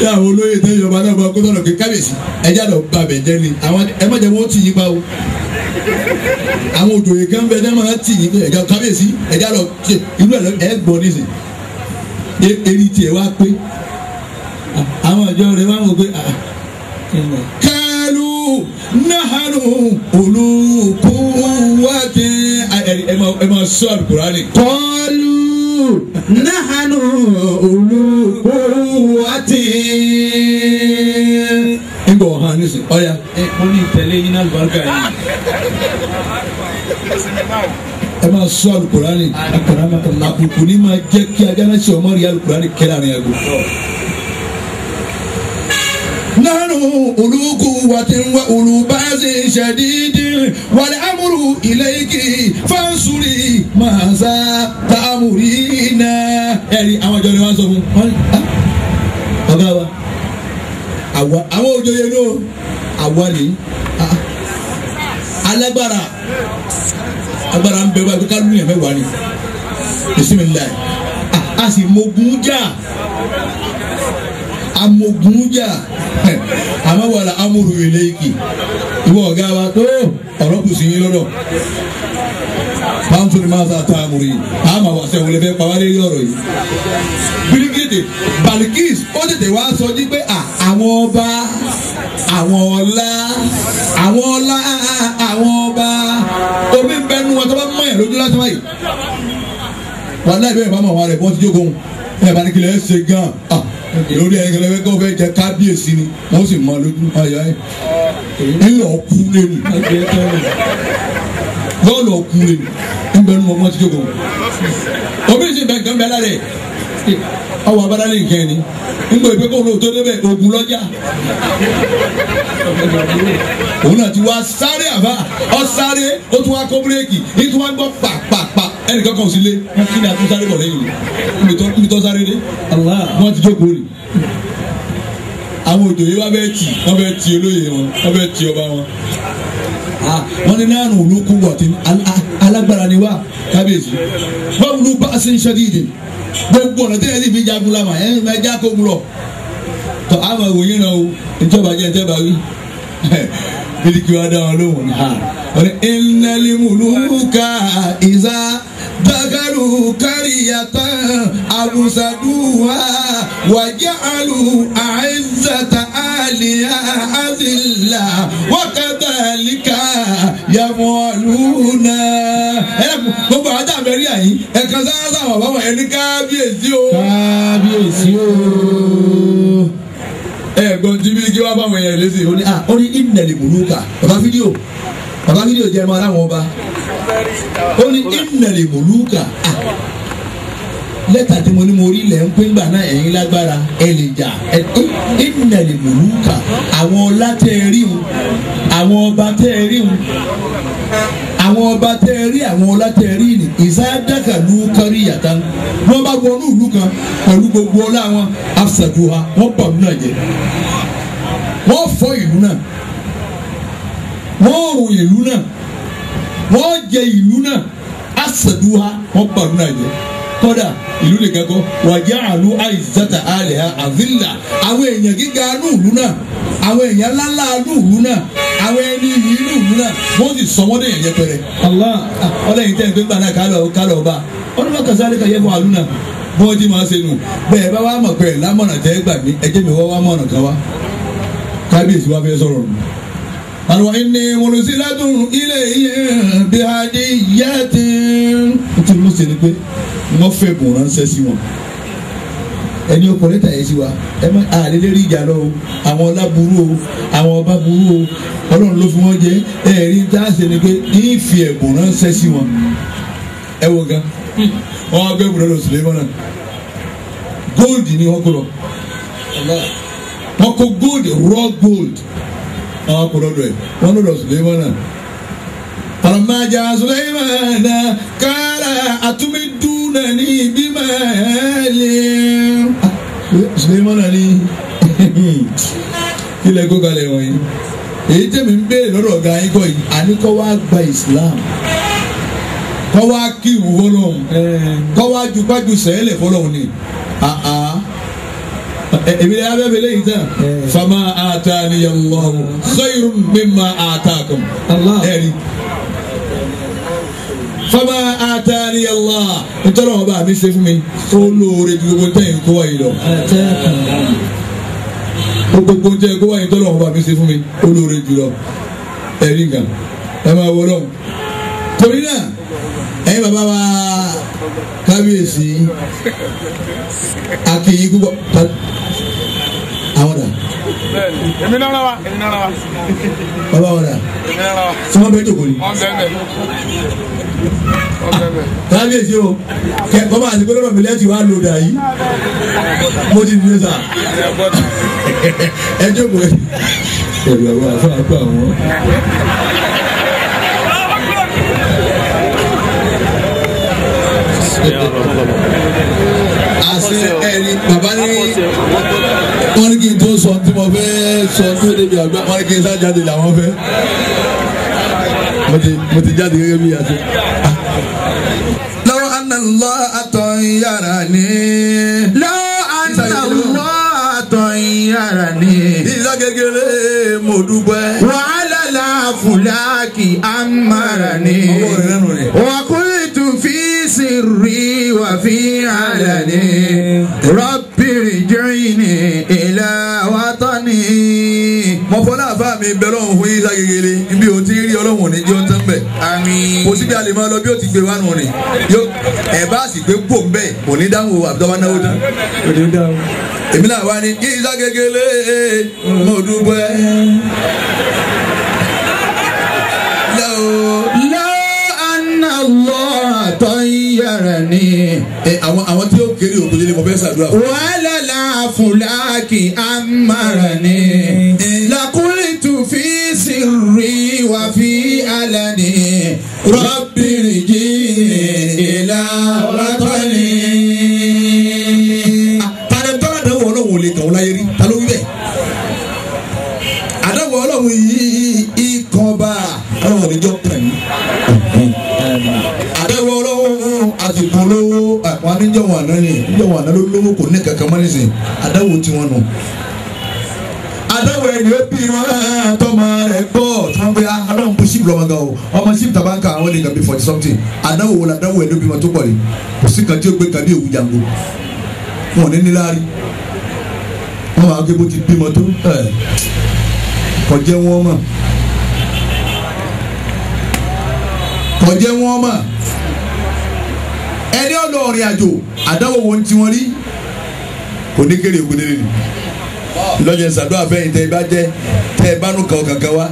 bí àwọn olóyè tẹ yorùbá náà bá kó tọ̀nà pé kábíyèsí ẹja lọ bá bẹ̀ jẹ́ ni àwọn ẹ má jẹ́ wọ́n tì yín pa o àwọn òjòyè kan bẹ dẹ́ máa tì yín ẹja kábíyèsí ẹja lọ ìlú ẹ gbọ́ nísìn e, eri tiẹ̀ wá pé ah, àwọn àjọ rẹ̀ wá ń wò pé ah, Kalu nahanu olùkúwàtí ẹ máa sọ alukurani. Kalu nahanu olùkúwàtí. n bọ̀ hàn nísìnyí ọ̀ya. ẹ kọ́ ni tẹ̀lé yín náà lùbáríkà yìí ẹ máa sọ alukurani àbùkù ni máa jẹ kí ajá náà ṣe ọmọ rí alukurani kẹlẹ àrùn yàgò olùkúwàtí wa olùbáṣe ṣẹ̀dídì wàlẹ̀ amúrú ilẹ̀ ike fáńsúrì màṣá tààmùrì náà. ẹ̀rí àwọn ìjọ ni wọ́n sọ fún wọn. Ah, ọ̀gá wa àwọn òjòyè náà àwa lè ah, alágbára agbára ń bẹ wá ká lóyún ẹ̀mẹ́wàá ni bisimilayi ah, a sì mọ ogun jà amogunjà àmọ́ wàlà amúru ìlẹ́yìkì ìwọ ọ̀gá wa tó ọ̀rọ̀ kù sí yín lọ́dọ̀ báńtò máa ta ta àmúru àmà wàṣẹ wọlé fẹ́ pàwárí ọ̀rọ̀ yìí bírígìdì Balikis ó tètè wá sọ jí pé àwọn ọba àwọn ọlá àwọn ọlá àwọn ọba omi ń bẹnu wọn tó bá mọ̀ yẹn lójú láti wáyé wàhálà ìbéèrè fáwọn àwọn rẹ̀ bọ́n ti jókòó ẹ̀ bá ní ṣe gan lórí ẹgbẹ́ kó fẹ́ jẹ kábíyèsí ni wọ́n sì mọ lójú ayá ẹ̀ ńlọ kú lẹ́nu lọ́ọ̀lọ̀ kú lẹ́nu ńgbẹ́nu ọmọ ti jókòó omi sì bẹ̀ gán bẹ́ẹ̀ lálẹ́ ọwọ́ abadálẹ nìkan ni nígbà ìgbẹ́ kòkòrò tó débẹ̀ ògùn lọ́jà òun náà ti wá sáré àbá ọ sáré ó tún wá kó bírèkì ní tí wọ́n gbọ́ pàpàpà ẹnìkan kan sílé kí ni àtúntà rẹ bọ̀ lẹ́yìn níbi tó sáré dé wọ́n ti jókòó ni àwọn òjòyè wa bẹ́ẹ̀ tì wọ́n bẹ́ẹ̀ tì olóyè wọn wọ́n bẹ́ẹ̀ tì ọba wọn wọ́n ní náà nù lókun wọ̀tí alágbára ni wá kábíyèsí báwo ló bá a ṣe ń ṣẹ́dí ìdè gbogbo ọ̀nà tẹ́lẹ̀ níbi jagun lamọ̀ ẹ̀ ẹ̀ já kó mu lọ tọ́ àmọ̀ òyìn náà o ìjọba jẹ́ ìjọba wí bíríkì wa dá wọn lóhùn ní ha wọ́n ní ìnàlímùlùkà ìzá dagaru kariyata alusadu wa wajalu aizata aliya azila wakadalika yamoluna. ẹ gbogbo àwọn táwọn abẹ́rẹ́ yà yín ẹ̀ka sáásá wà báwọn ẹni kábíyèsí o. kábíyèsí o. ẹ̀gbọ́n tí bí kí wọ́n bá wọn yẹn lé sí i ó ní ìnẹ̀lẹ̀ ah, mùlùkà bàbá fídíò bàbá fídíò jẹ́ ẹ máa láwọn ọba ó ní ìnàlè mòlúkà lẹ́tà tí mo ní mo rí lẹ̀ ń pé ńgbà náà ẹ̀yin lágbára ẹ lè jà ìnàlè mòlúkà àwọn ọlá tẹ́ ẹ rí wọn àwọn ọba tẹ́ ẹ rí wọn àwọn ọba tẹ́ ẹ rí àwọn ọlá tẹ́ ẹ rí ni ìsáyàdàkà ló kárí yàtá wọn bá wọnú ìlú kan pẹ̀lú gbogbo ọlá wọn afṣàdùhà wọn bà mí náà jẹ wọn fọ ìlú náà wọn rò ìlú náà. wọ́n jẹ ìlú náà asàdúrà wọ́n bà nínú àjẹ kọ́dà ìlú lè gẹ́gọ́ wàjẹ́ àlù àìsàtà àlẹ́ àvìlà àwọn èèyàn gíga inú ìlú náà àwọn èèyàn ńláńlá inú ìlú náà àwọn ẹni ìlú ìlú náà wọ́n sì sọ wọ́n dé yẹn ọba fún náà ti máa ṣe nù bẹ́ẹ̀ bá wà mọ̀ lámọ̀nà tẹ́ gbà mí ẹ jẹ́ mi wọ́n àlùwà ilé mùrùsílẹ́dùn ilé iye bí adé yẹ́ ti. ó ti mú sẹ́ni pé wọ́n fẹ́ bùn ránṣẹ́ sí wọn ẹni o kọ̀lẹ́tà yẹn sí wa ẹ má àlélé rí ìjà lọ o àwọn ọlá burú o àwọn ọba burú o ọlọ́run ló fi wọ́n jẹ ẹ rí tá a ṣe ni pé ní ìfì ẹ̀bùn ránṣẹ́ sí wọn ẹ wo gan wọn wá gbé ìbùdó lọ sílé mọ́nà góòdì ni wọ́n kó lọ wọ́n kó góòdì raw gold àwọn kò lọ́dọ̀ ẹ̀ wọ́n lọ́dọ̀ Suleimana. Fàlàmájà Suleimana kára àtúmí dúnà ní bímọ ẹ̀ẹ́lẹ̀. Suleimana ní kílẹ̀ kó kalẹ̀ wọ̀nyí. Èyí tẹ̀mí ń béèrè lọ́dọ̀ ọ̀gá yín kọ́ yìí, àní kọ́ wá gba Islam kọ́ wá kí ìwú fọlọ́hún kọ́ wá ju pájú sẹ́lẹ̀ fọlọ́hún ni. Ah ah èmi ni abẹ́ fẹlẹ́ yìí tán eh. fama ataniyallahu khayrun mimma atakum ẹ̀rí fama ataniyallahu ntọ́lọ́ wọn bá mi ṣe fún mi ó lóore ju gbogbo tẹ́yìn kó wáyé lọ eh, gbogbo tẹ́yìn kó wáyé ntọ́lọ́ wọn bá mi ṣe fún mi ó lóore jù lọ ẹ̀rí nǹkan ẹ máa wọ́n lọ ẹ̀yin bàbá wa kábíyèsí akéyí púpọ̀ àwọn dà. èmi nára wa èmi nára wa. bàbá wa dà. èmi nára wa. tí wọ́n bẹ jòkó ni. wọ́n bẹ̀rẹ̀ kábíyèsí o kẹ bàbá àti gbẹdọ̀rọ̀ mi lẹ́tì wá lò dà yìí mo ti dìde sà ẹ jókòó ẹ ẹ bàbá àfa àpò àwọn. àṣẹ ẹni bàbá ní wọ́n ní kí n tó sọ tí mo fẹ́ sọ tí ó débi àgbà wọ́n ní kí n sá jáde làwọn fẹ́ jáde gẹ́gẹ́ bí àṣẹ. lọ́wọ́ àná lọ́ àtọ̀ yàrá ni. lọ́wọ́ àná lọ́ àtọ̀ yàrá ni. ìyá kékeré mo dúpẹ́. wàhálà làfùlákì àmàrà ni. ọwọ́ rẹ. وفي علني ربي ارجعني إلى وطني mo fọlá mi bẹ lọ́hùn fún yín ságegele ibi ò ti rí ọlọ́hùn ní jẹun tán bẹ̀. àmín. kò síbi àlè máa lọ bí ó ti gbé wa nù ni ẹ bá sì gbé pò ń bẹ̀ kò ní dáhùn o àbúdá wa náwó tán. èmi náà wá ní kí ságegele mo dúpẹ́. ni mo fẹ́ ṣàdúrà fún. wàhálà ń jẹ́ wọn àná ni ń wọn àná ló kò ní kankan mọ́ nísìn àdáwò tí wọ́n nù. àdáwò ẹni ó bí wọn tọmọ rẹ gbọ́ tọ́wọ́n bóyá adáwò bó ṣíìpù lọ́mọ gan o ọmọ ṣíìpù tàbá ń ka àwọn ènìyàn bí forty something àdáwò wọlé àdáwò ẹni ó bí wọn tó pọ̀ ni kò sí kan tí ó gbé kan bí èwú jango wọn ní ní láàrí wọn máa gbé bó ti bímọ tó kọjẹ wọn mọ kọjẹ wọn mọ ọ̀rìn àjò àdáwò wo ti wọn rí kò ní kéré ògùn nílẹ̀ lọ́jọ́ ìsàdúrà fẹ́yìn tẹ́ ẹ bá nù kàn kàn wá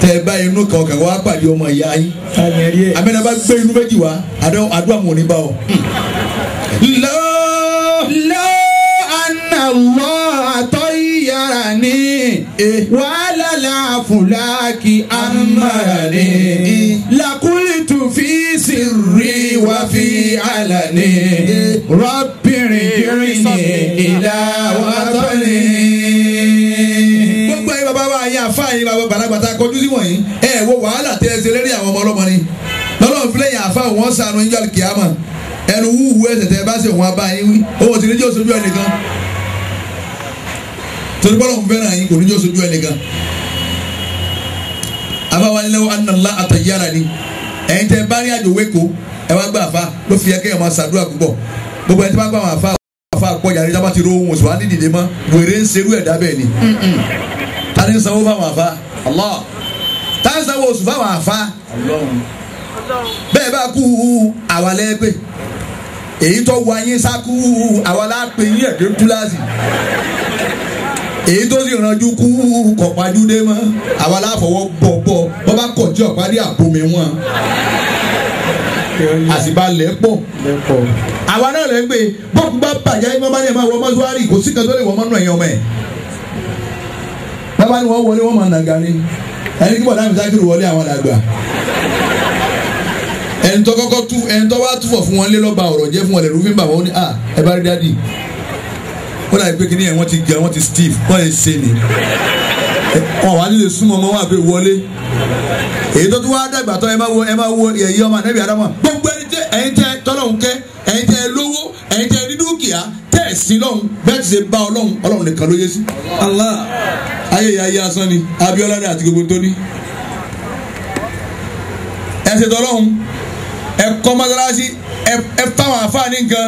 tẹ́ ẹ inú kàn kàn wá pàdé ọmọ ìyá yín àmẹ́nà bá gbé inú méjì wá àdúrà mọ̀ ní ọ. lọ́ lọ́ àná lọ́ àtọ́ yàrá ni wàhálà làfùlákì àmàlà ni eh. làkúlẹ̀. وفي علني رب ارجعني إلى وطني gbogbo ẹ̀yin bàbá wa ẹ̀yin àfáàyìn bàbá bàlágbàtà kọjú sí wọ̀nyí ẹ wo wàhálà tẹ ẹ lérí àwọn ọmọ ọlọ́mọ ni lọ́lọ́run fílẹ̀ yẹn àfáà wọn sànù ẹ̀yin kìámà ẹnu wúwú ẹsẹ̀ tẹ bá ṣe wọn abá yín wí owó tí níjọ́ sojú ẹ̀ nìkan torí bọ́lá òun fẹ́ràn yín kò níjọ́ sojú ẹ̀ nìkan àbáwá nílẹ̀ wọn àná ẹ wá ń gbà àfa ló fi ẹkẹ́ yẹn máa ṣàdúrà púpọ̀ gbogbo ẹni tí wọ́n gbà wọn àfa àfa àpọ̀jà ní tábàtì ro ohun òṣùwà nídìí mọ́ wèrè ń serú ẹ̀dá bẹ́ẹ̀ ni ta ni ń sanwó fáwọn àfa Allah ta ni sanwó oṣù fáwọn àfa bẹ́ẹ̀ bá kú àwa lẹ́ẹ̀pẹ́ èyí tó wọ ayé sákú àwa lápè yín ẹ̀dẹ́ túláàsì èyí tó sì rànjú kú kọ̀pájú dé mọ́ àwa láfọwọ́ bọ̀ bọ̀ bọ́ bá kọ̀ jẹ́ àbomi wọn àsìbalẹ̀ pọ̀ àwa náà lè ń gbé bọ́ọ̀kú bá bàjẹ́ ẹgbẹ́ bá ní ẹ̀ máa wọ mọ́ṣúárì kò sí kan tó lè wọ mọ́nú ẹ̀yàn ọmọ ẹ̀ bàbá ni wọ́n wọlé wọ́n máa nàga ni ẹni kí bọ̀dá mi sákìrì wọlé àwọn àgbà ẹni kọ́kọ́ tú ẹni wá túfọ̀ fún wọn lé lọ́ba ọ̀rọ̀ jẹ́ fún wọn lẹ́rú fún bàbá ah ẹ bá rí dádì ó dàbí steve wọ́n lè ṣe ni wọn wà nílé súnmọ́ èyí tó tún wá dàgbà tán ẹ máa wo ẹ máa wo èyí ọmọ ànábì àdámọ̀ gbogbo ẹni tẹ ẹ̀yin tẹ tọ́lọ́hún kẹ ẹ̀yin tẹ lówó ẹ̀yin tẹ ní tẹ sí lọ́hún bẹ́ẹ̀ ti ṣe bá ọlọ́hún ọlọ́hún nìkan ló yé sí. Allah ayé ìyá yé asán ni Abíọ́lá ni àti gbogbo tó ní. ẹ ṣètò ọlọ́hún ẹ kọ́ mọ́sálásí ẹ fáwọn àfáàní nǹkan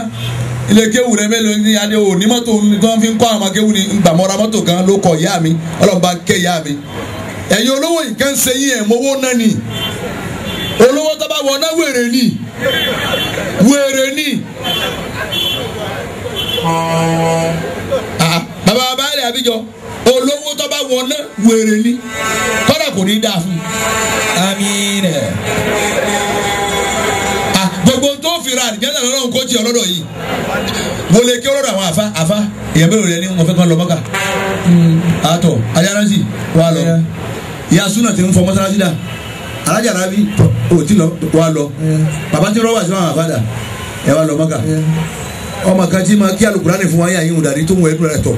ilé kéwù rẹ mélòó ní adé o ní mọ́tò tí wọ́n fi ń kọ́ àwọn kéwù ní gbàmọ́ra mọ́tò kan ló kọ ìyá ẹ̀yin olówó nǹkan ṣe yín ẹ̀ mọ́wó náà ni olówó tó bá wọ náà wèrè ni wèrè ni. Ah, bàbá abáyé àbíjọ olówó tó bá wọ náà wèrè ni kọ́dà kò ní dáa fún un gbogbo tó fi ra àdìjẹ́ náà lọ́rùn kó jì ọlọ́dọ̀ yìí mo lè kí ọlọ́dọ̀ àwọn àfa àfa èèyàn bẹ́ẹ̀ rẹ ni wọ́n fẹ́ kàn lọ mọ́kà hmm. àtọ̀ ayáránsì wà lọ ìyá súnà ti ń fọ mọ́sálásí dà alájà arábí ò tí lọ wà lọ bàbá tí rọ́bà sí wọn àfa dà ẹ wà lọ mọ́kà ọmọ kan tí ma kí alukurani fún wa yà yín òdàdí tó ń wọ ẹdùn rẹ tọ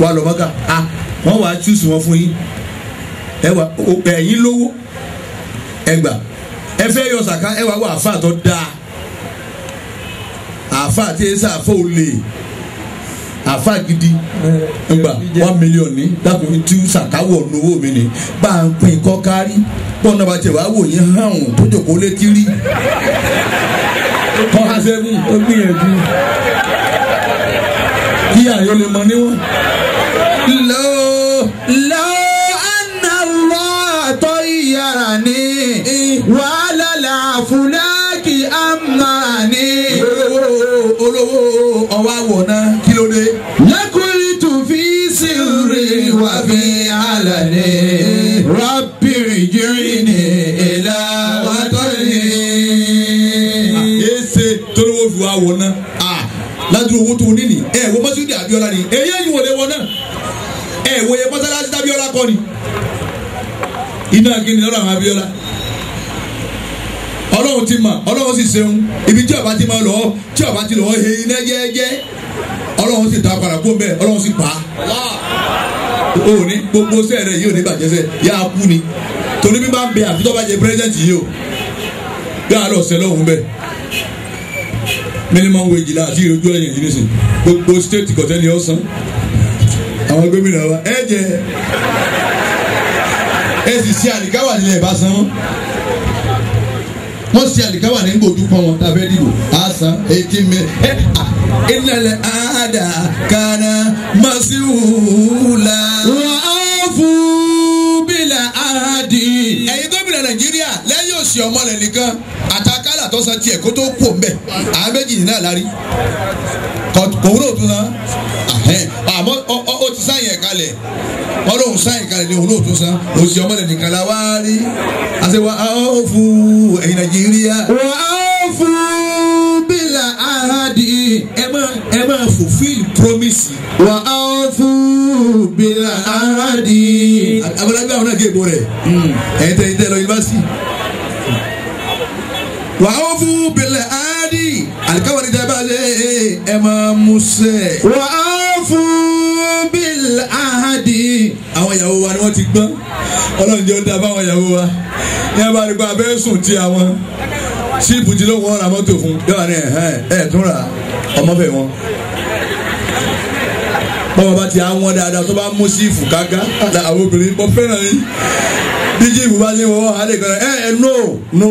wà lọ mọ́kà ah wọ́n wàá chúùsù wọn fún yín ẹ wà ẹ̀yin lówó ẹgbà ẹ fẹ́ yọ sàká ẹ wà wà àfa àtọ̀ dáa àfa àti ẹsẹ àfa ò lè àfa gidi ngba one million ní dákùnrin tí sàkáwọ̀ lówó mi ni bá a ń pín kọ́ kárí bọ́ọ̀nà bá tẹ̀ wá wò yín hàn tó jòkó létí rí kọ́ ha sẹ́fún ó gbìyànjú kí àyọ̀ lè mọ níwọ̀n. dájú owó tó ní ni ẹ wo mọ́sídìí Abíọ́lá ni èyí ẹ̀yìn wò lè wọ náà ẹ wo yẹ mọ́sálásí Abíọ́lá kọ́ ni iná kíni lọ́dọ̀ àwọn Abíọ́lá Ọlọ́run ti mà Ọlọ́run sì ṣeun ibi tí ọba ti máa lọ tí ọba ti lọ he iná jẹ́ẹ́jẹ́ Ọlọ́run sì ta padà kó bẹ́ẹ̀ Ọlọ́run sì pa ó ní gbogbo sẹ́ẹ̀rẹ̀ yìí ò ní bàjẹ́ sẹ́ẹ̀ yá a kú ni torí bí bá ń bẹ àfitọ́ bá jẹ pírẹ́sẹ̀ntì yìí o yá a lọ sẹ́lọ̀ òun bẹ́ẹ̀ minimum wage la àti ìrojú ẹ̀yìn yìí nísìn gbogbo state kọ̀tẹ́ ni ó san àwọn gómìnà wa ẹ jẹ ẹ sì ṣe àlìkáwà nílẹ̀ bá san wọ́n ṣe àlìkáwà ní gbòdú pọ́n wọn tàbí ẹ̀dìbò á san eighteen mil ẹ ìnàlẹ̀ àádà kàná màsíwùlà wọ́n fún bílà àádì. ẹ̀yin gómìnà nàìjíríà lẹ́yìn òsì ọmọ rẹ̀ nìkan àtàkà tó san tiẹ̀ kó tó kú mbẹ̀ àwọn méjì ní náà lárí kò san àmọ́ ó ti sáyẹn kalẹ̀ wọ́n lóun sáyẹn kalẹ̀ ní òun lóun tó san òsì ọmọlẹ̀ nìkan la wá rí àti wà á fún ẹ̀yin Nàìjíríà. wà á fún bílà ahadi ẹ máa fulfil promise. wà á fún bílà ahadi. abúlé àwọn náà gé ègbò rẹ̀ hmm. ẹ̀ tẹ̀ ẹ̀ tẹ̀ lọ yunifásitì wà á fún bẹ̀lẹ̀ áádì àlìkáwọ̀ ní tẹ́lẹ̀ bá ṣe ẹ máa mú sẹ́. wà á fún bẹ̀lẹ̀ àwọn ìyàwó wa ni wọ́n ti gbọ́n ọlọ́run jẹ́ ó dá báwọn ìyàwó wa ní abá nípa sùn tí àwọn ṣíìpù ti ló wọ́n ra mọ́tò fún yóò ní ẹ̀ ẹ̀ tún ra ọmọ fẹ́ wọn bọ́mọ bá ti àwọn dáadáa tó bá mú síìfù káká àwọn obìnrin bọ́ fẹ́ràn yín bí jíìfù bá ti wọ́n wọ́n á ẹ̀ ẹ̀ no no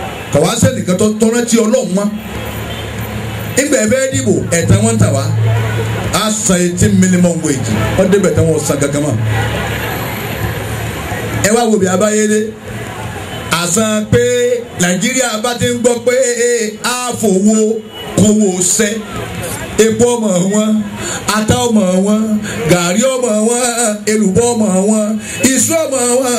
kàwá sẹ́nìkan tó tọ́rọ́ tí ọlọ́run mọ́ ìgbà ẹ bẹ́ẹ̀ dìbò ẹ̀tàn wọn tà wá á san etí minimum wage wọ́n débẹ̀ tán wọ́n san gangan mọ́ ẹ wá wo bí abáyédé àsan pé nàìjíríà bá ti ń gbọ́ pé àfọwọ́ kówó sẹ́ epo ọmọ wọn ata ọmọ wọn gàrí ọmọ wọn èlùbọ́ ọmọ wọn iṣu ọmọ wọn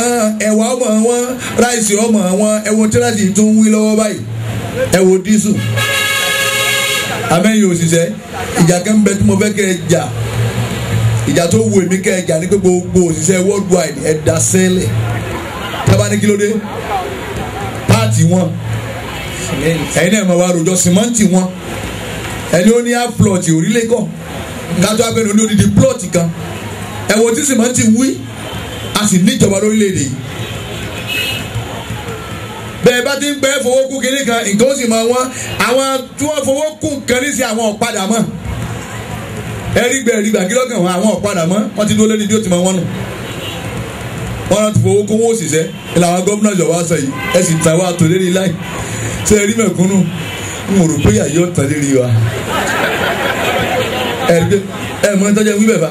ẹ̀wà ọmọ wọn ráìsì ọmọ wọn ẹ̀wọ̀n tíráàsì tó ń wí lọ́wọ́ báyìí ẹ̀wọ̀n dísù amẹ́yìn òṣìṣẹ́ ìjà kan bẹ tí mo fẹ́ kẹ́ ẹ jà ìjà tó wù mí kẹ́ jà ní pé gbogbo òṣìṣẹ́ worldwide ẹ dá sẹ́lẹ̀ tábàní kí ló dé páàtì wọn ẹ̀yin náà máa wá rojọ́ sìmọ́ǹtì wọn ẹni o ní àplọ̀tì òrílẹ̀ gọ̀ kájọ abẹ́rẹ́ ní odidi plọ̀tì kan ẹ̀wọ̀n tí sì máa ti wí a sì níjọba lórílẹ̀‐èdè yìí bẹ́ẹ̀ bá ti ń pẹ́ fowó kú kínní kan nǹkan ó sì máa wọ́n àwọn tí wọ́n fowó kú nǹkan ní sí àwọn ọ̀padà mọ́ ẹ̀rí gbẹ̀rí gbàgídọ́gàn wọn àwọn ọ̀padà mọ́ wọ́n ti dúró lẹ́ni bí ó ti máa wọ́n nù wọ́n rántí fowó kó wọ́n òṣìṣẹ́ ìlànà gómìnà ẹ̀ sì tàwa mo rò pé àyè ọ̀tàn lérí wa ẹ̀rí ẹ mọ ní tọ́jú wíbẹ̀ bá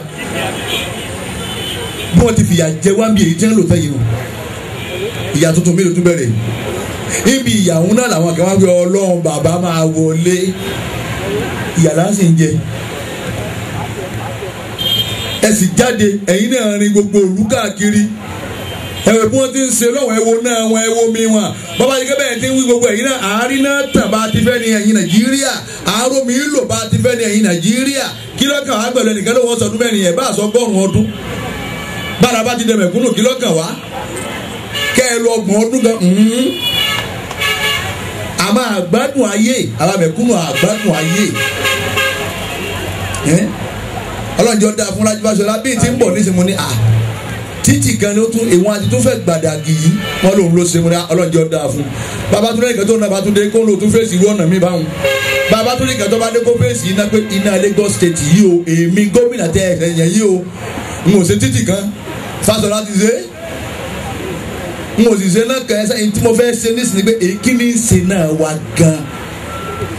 bí wọ́n ti fìyà jẹ wá bí èyí tí wọ́n lò tẹ́yìn o ìyà tuntun mi ló tún bẹ̀rẹ̀ ibi ìyàwó náà làwọn kan wá pé ọlọ́run bàbá máa wọlé ìyà là ń jẹ ẹ sì jáde ẹ̀yin náà rin gbogbo òlú káàkiri ẹwọ bí wọn ti ń ṣe lọ́wọ́ ẹwọ náà wọn ẹwọ mi wọn bàbá yìí kẹbẹ ẹ ti ń wí gbogbo ẹ̀yin náà àárín náà tàn bá ti fẹ́ ní ẹ̀yin nàìjíríà àárò mi lò bá ti fẹ́ ní ẹ̀yin nàìjíríà kí lọ́kàn wá gbẹ̀lú ẹnìkan ló wọ́n sọdún bẹ́ẹ̀ nìyẹn bá a sọ gbọ́rùn ọdún bára bá ti dẹ̀mẹ̀ kúnnù kí lọ́kàn wá ẹ lọ ọgbọ̀n ọdún gan àmọ́ àgbádùn ayé alámẹ̀kúnnù àgbádùn ayé ọlọ́njọ́ dáa fún Rájí títì gan ló tún ìwọ̀n àti tó fẹ́ gbàdàgì yìí wọ́n lòun ló ṣe wọn ọlọ́njẹ́ ọ̀dà fún un Babátúndé nìkan tó kó lòun tún fèsì irú ọ̀nà mi báwọn Babátúndé nìkan tó bá dé kó fèsì iná pé iná Lagos state yìí o èmi gómìnà tẹ ẹ̀sẹ̀ yẹn yìí o n ò ṣe títì gan Fáṣọlá ti ṣe n ò sì ṣe náà kàn ẹ́sẹ̀ tí mo fẹ́ ṣe nísìnyí pé èyí kí ni ń ṣe náà wá gan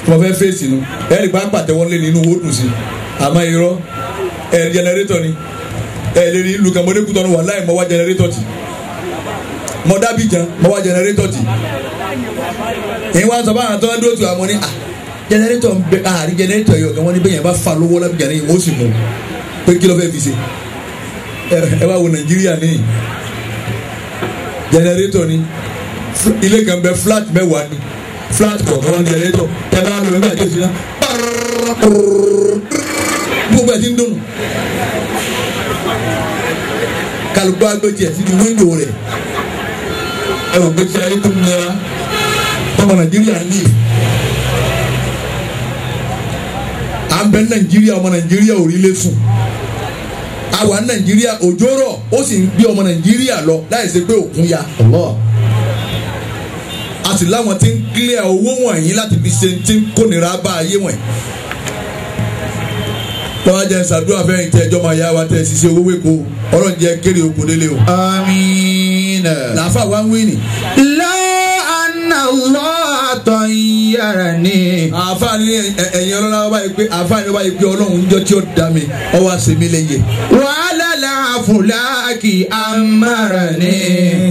tí mo fẹ́ fèsì nu ẹ̀rì gbá pàtẹ́wọ́ lé nínú owó dùn sí àmọ́ irọ́ ẹ̀rì jẹnẹrétọ̀ ni ẹ lè rí lukamode kutọ ni wàláyé mọ wá jẹnẹrétọ tì mọ dábì jẹn mọ wá jẹnẹrétọ tì èyí wá sọ báyà tó ń dúró tù àmọ́ ni jẹnẹrétọ ń bẹ àárín jẹnẹrétọ yìí ọ̀gá wọn ni bẹ́ẹ̀ yẹn bá fa lówó lábí jẹnẹrẹ yìí wọ́n sì mú pé kí ló fẹ́ fi ṣe ẹ wá wo Nàìjíríà ní jẹnẹrétọ ni ilé kan bẹ flat mẹ́wàá ni flat kọ̀ọ̀kan jẹnẹrétọ tẹ bá lọ bẹ́ẹ̀ bá jẹ́ òsínà gbogbo ẹ̀ ti ń dùn kálukú agbẹ́jẹ̀ síbi wíńdò rẹ̀ ẹ wò gbèsè ayé tó nira tọmọ nàìjíríà ní à ń bẹ nàìjíríà ọmọ nàìjíríà ò rí lé sùn àwa nàìjíríà òjò rọ̀ ó sì ń gbé ọmọ nàìjíríà lọ láì ṣe pé òkun ya a sì láwọn tí ń kílẹ̀ owó wọ̀nyí láti fi ṣe ti ń kónira bá ayé wọ̀nyí tọ́wọ́ jẹ́ sàdúrà fẹ́yìn tẹ́ ẹjọ́ máa yá wa tẹ́ ṣiṣẹ́ owó wéko ọlọ́run jẹ́ kéré okùn délé o. amiina. làáfà wa ń wí ni. lọ́ àná yàrá ni. àáfà ni ẹ̀yin ọlọ́run wa yìí pé àáfà ni wa yìí pé ọlọ́run ń jọ tí ó dá mi ọwọ́ àṣemí lẹ́yẹ. wàhálà fúláàkì amára ni.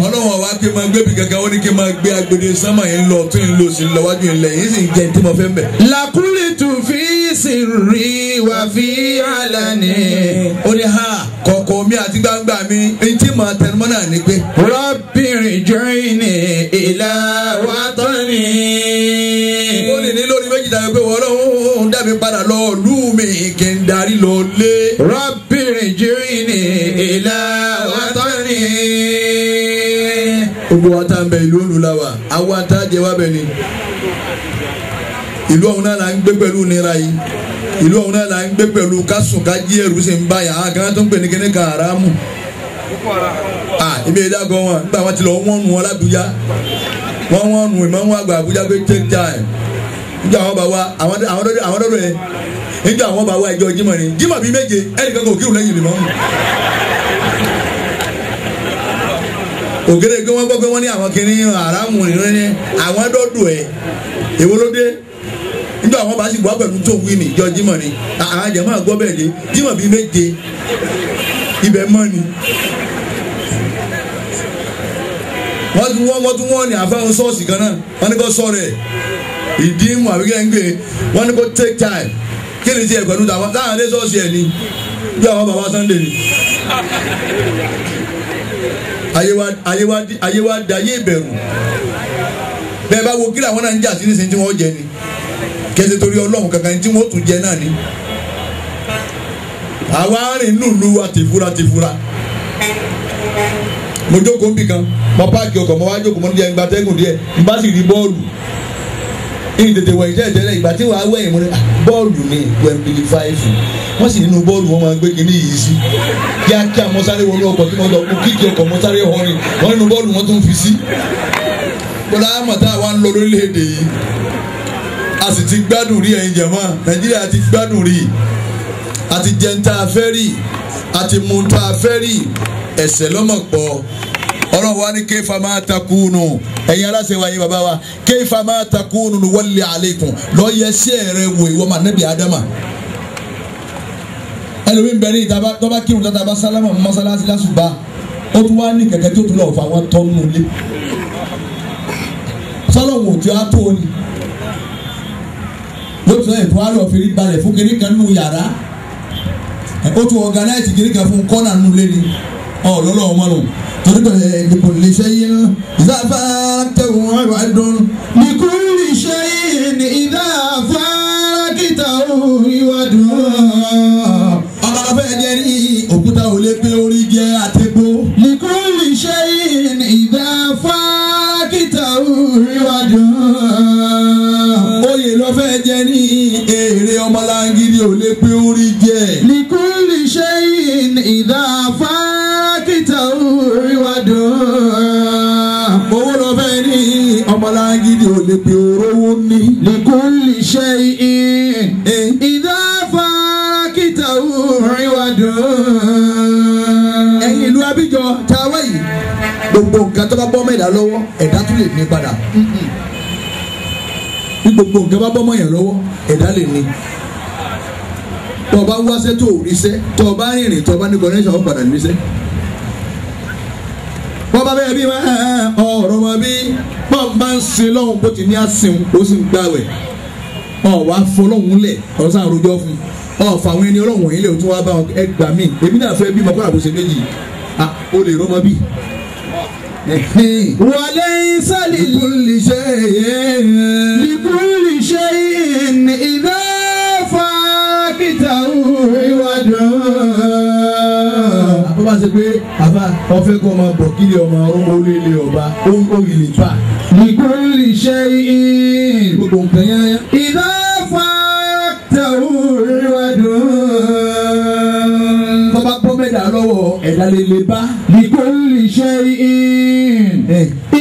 ọlọ́wọ́n wa kí n máa gbé bi kankan ó ní kí n máa gbé agbede sánmà yẹn lọ tún yín lọ sirri wa fi alani. ó ní ha kọ̀kọ̀ mi àti gbangba mi ní tí tẹnumọ́ náà ní pé. Rabbi rji'ni ila watani. ó ní ní lórí méjì tàbí pé wọ́n lọ́wọ́ ń dá mi padà lọ lù mí kí n darí lọ lé. Rabbi rji'ni ila watani gbogbo wa tá n bẹ ìlú olùlà wa àwa tá jẹ wa bẹ ni ìlú ọ̀hún náà là ń gbé pẹ̀lú nira yìí ìlú ọ̀hún náà là ń gbé pẹ̀lú kásùn kájí ẹ̀rù sì ń báyà á kan tó ń pè ní kíní kan àràmù. ìbí ẹja gan wọn nígbà wọn ti wọn nù wọn lábújá wọn wọn nù ìmọ̀ wọn àgbà àbújá pé take time nígbà wọn bá wa àwọn dọ́dọ̀ yẹn nígbà wọn bá wa ìjọ Jímọ̀ ni Jímọ̀ bíi méje ẹnìkan kò kírun lẹ́yìn ìmọ̀ ògèrè gbé wọn gbọ́ pé wọ́n ní àwọn kìnnìún àràmù nìyẹn àwọn dọ́dọ̀ ẹ̀ èwo nígbà wọn bá sì gbọ́ pẹ̀lú tó wí ní ìjọ jímọ̀ ni àwọn àjẹmọ́ àgbọ́ bẹ́ẹ̀ ni jímọ̀ bíi méje ibẹ̀ mọ́ ni. wọ́n tún wọ́n wọ́n tún wọ́n ní àfẹ́hùn sọ́ọ̀sì kan náà wọ́n ní kó sọ̀rọ̀ ẹ̀ ìdí ń wà wíkẹ́ ń gbé wọ́n ní kó take time kí ni ti ẹ̀ pẹ̀lú táwọn táwọn ilé sọ́ọ̀sì ẹ̀ ni bí àwọn bàbá Sunday ni ayé wa da ayé ìbẹ̀rù bẹ́ẹ̀ bá wo kí làwọn náà ń jà sí nísìnyí tí wọ́n jẹ ni kí ẹsẹ̀ torí ọlọ́run kankan tí wọ́n tún jẹ náà ni. àwa rìn lùlù àtìfura tìfura. mo jókòó nbì kan mo páàkì ọkọ̀ mo wá jókòó mo ní jẹ́ ìgbà díẹ̀ ìgbà sì rí bọ́ọ̀lù ní tètè wọ ìjẹ́ ìjẹ́lẹ̀ ìgbà tí wàá wẹ̀yìn múlẹ̀ bọ́ọ̀lù ni wembley five wọ́n sì nínú bọ́ọ̀lù wọn máa gbé kinní yìí sí kíákíá mọ́sáré wọnú ọkọ̀ tí wọ́n lọ kó kíkì ọkọ̀ mọ́sáré họrin wọ́n nínú bọ́ọ̀lù wọn tún fi sí. bọ́lá àmọ̀tá wa ń lọ lórílẹ̀‐èdè yìí a sì ti gbádùn rí ẹ̀yin jẹ̀mọ́ nàìjíríà ti gbádùn rí a ti jẹun tá a fẹ́ rí a ti mu tá a fẹ́ rí ẹ̀ṣẹ̀ lọ́mọ̀ pọ̀ ọlọ́run wa ní kéfà máa takùnù ẹ̀yin aláṣẹ wa yín bàbá wa kéfà máa takùnù ní wọ́lẹ̀ àlékún lọ́ọ́ yẹ sí ẹ̀rẹ̀ wò ìwọ́n mà nẹ́bí ádámà ẹlòmíín bẹ̀rẹ̀ ìtaba tọ́ba kírun tata bá sálámà mọ́sálásí lásùbà ó tún wá ní kẹ̀kẹ́ tó tún lọ́ọ́ fà wọ́n tọ́ lé sọlọ́wọ́n ò tí a tó ni ló tún ẹ̀ tó wá lọ fèrè balẹ̀ fún kiri kan nù yàrá ó tún ọ̀gánáìtì kiri kan fún kọ́nà nù lé ni ọ̀ lọ́lọ́ ọmọ nù torí bẹ̀rẹ̀ ìdìbò lè ṣe yé ń zábà tẹ̀wọ̀n ẹ̀wà dùn nìkú lè ṣe yé ní ìdá fárákìtà òun ìwà dùn. ní òkúta ò pé orí jẹ́ àtẹ́gbó. nìkú lè ṣe yé ní ìdá fárákìtà òun fẹ́ jẹ ní èrè ọmọlangidi ò lè pé orí jẹ. likuli ṣẹ́yìn ìdá fákítà orí wa dùn. owó lọ fẹ́ ní ọmọlangidi ò lè pé orówó ní. likuli ṣẹ́yìn ìdá fákítà orí wa ìlú abijọ́ tàwa yìí gbogbo nǹkan tó bá bọ́ mẹ́ta lọ́wọ́ ẹ̀dá tún lè ní padà bí gbogbo nǹkan bá bọ́ mọ́ yàn lọ́wọ́ ẹ̀dá lè ní tọba wáṣẹ tó ríṣẹ tọba rìnrìn tọba ní connection ó padà ríṣẹ bọ́ba bẹ́ẹ̀ bí ọ̀rọ̀ wọn bí pọ́ǹpá ń sin lọ́hùn bó ti ní àsìn ó sì ń gbàwẹ̀ ọ̀wá fọlọ́hùn lẹ̀ ọ̀sán àròjọ fún ọ̀fà àwọn ẹni ọlọ́hùn yìí lè tún wá bá ẹ gbà èmi náà fẹ́ bí mọ́kànlá bó ṣe méjì ó lè rọ́mọ bí. وليس لكل شيء لكل شيء إذا فاكته عوجا bá ṣe pé àbá ọfẹ kọ ọmọ bọ kí ọmọ ọmọ olóyè ọba ó ń kórè lè fà. nìkórè ṣe é. gbogbo nǹkan yẹn. ìdá fa tẹ̀wúrẹ́. ẹ̀dá lè lè bá. Bíkó lè ṣe in.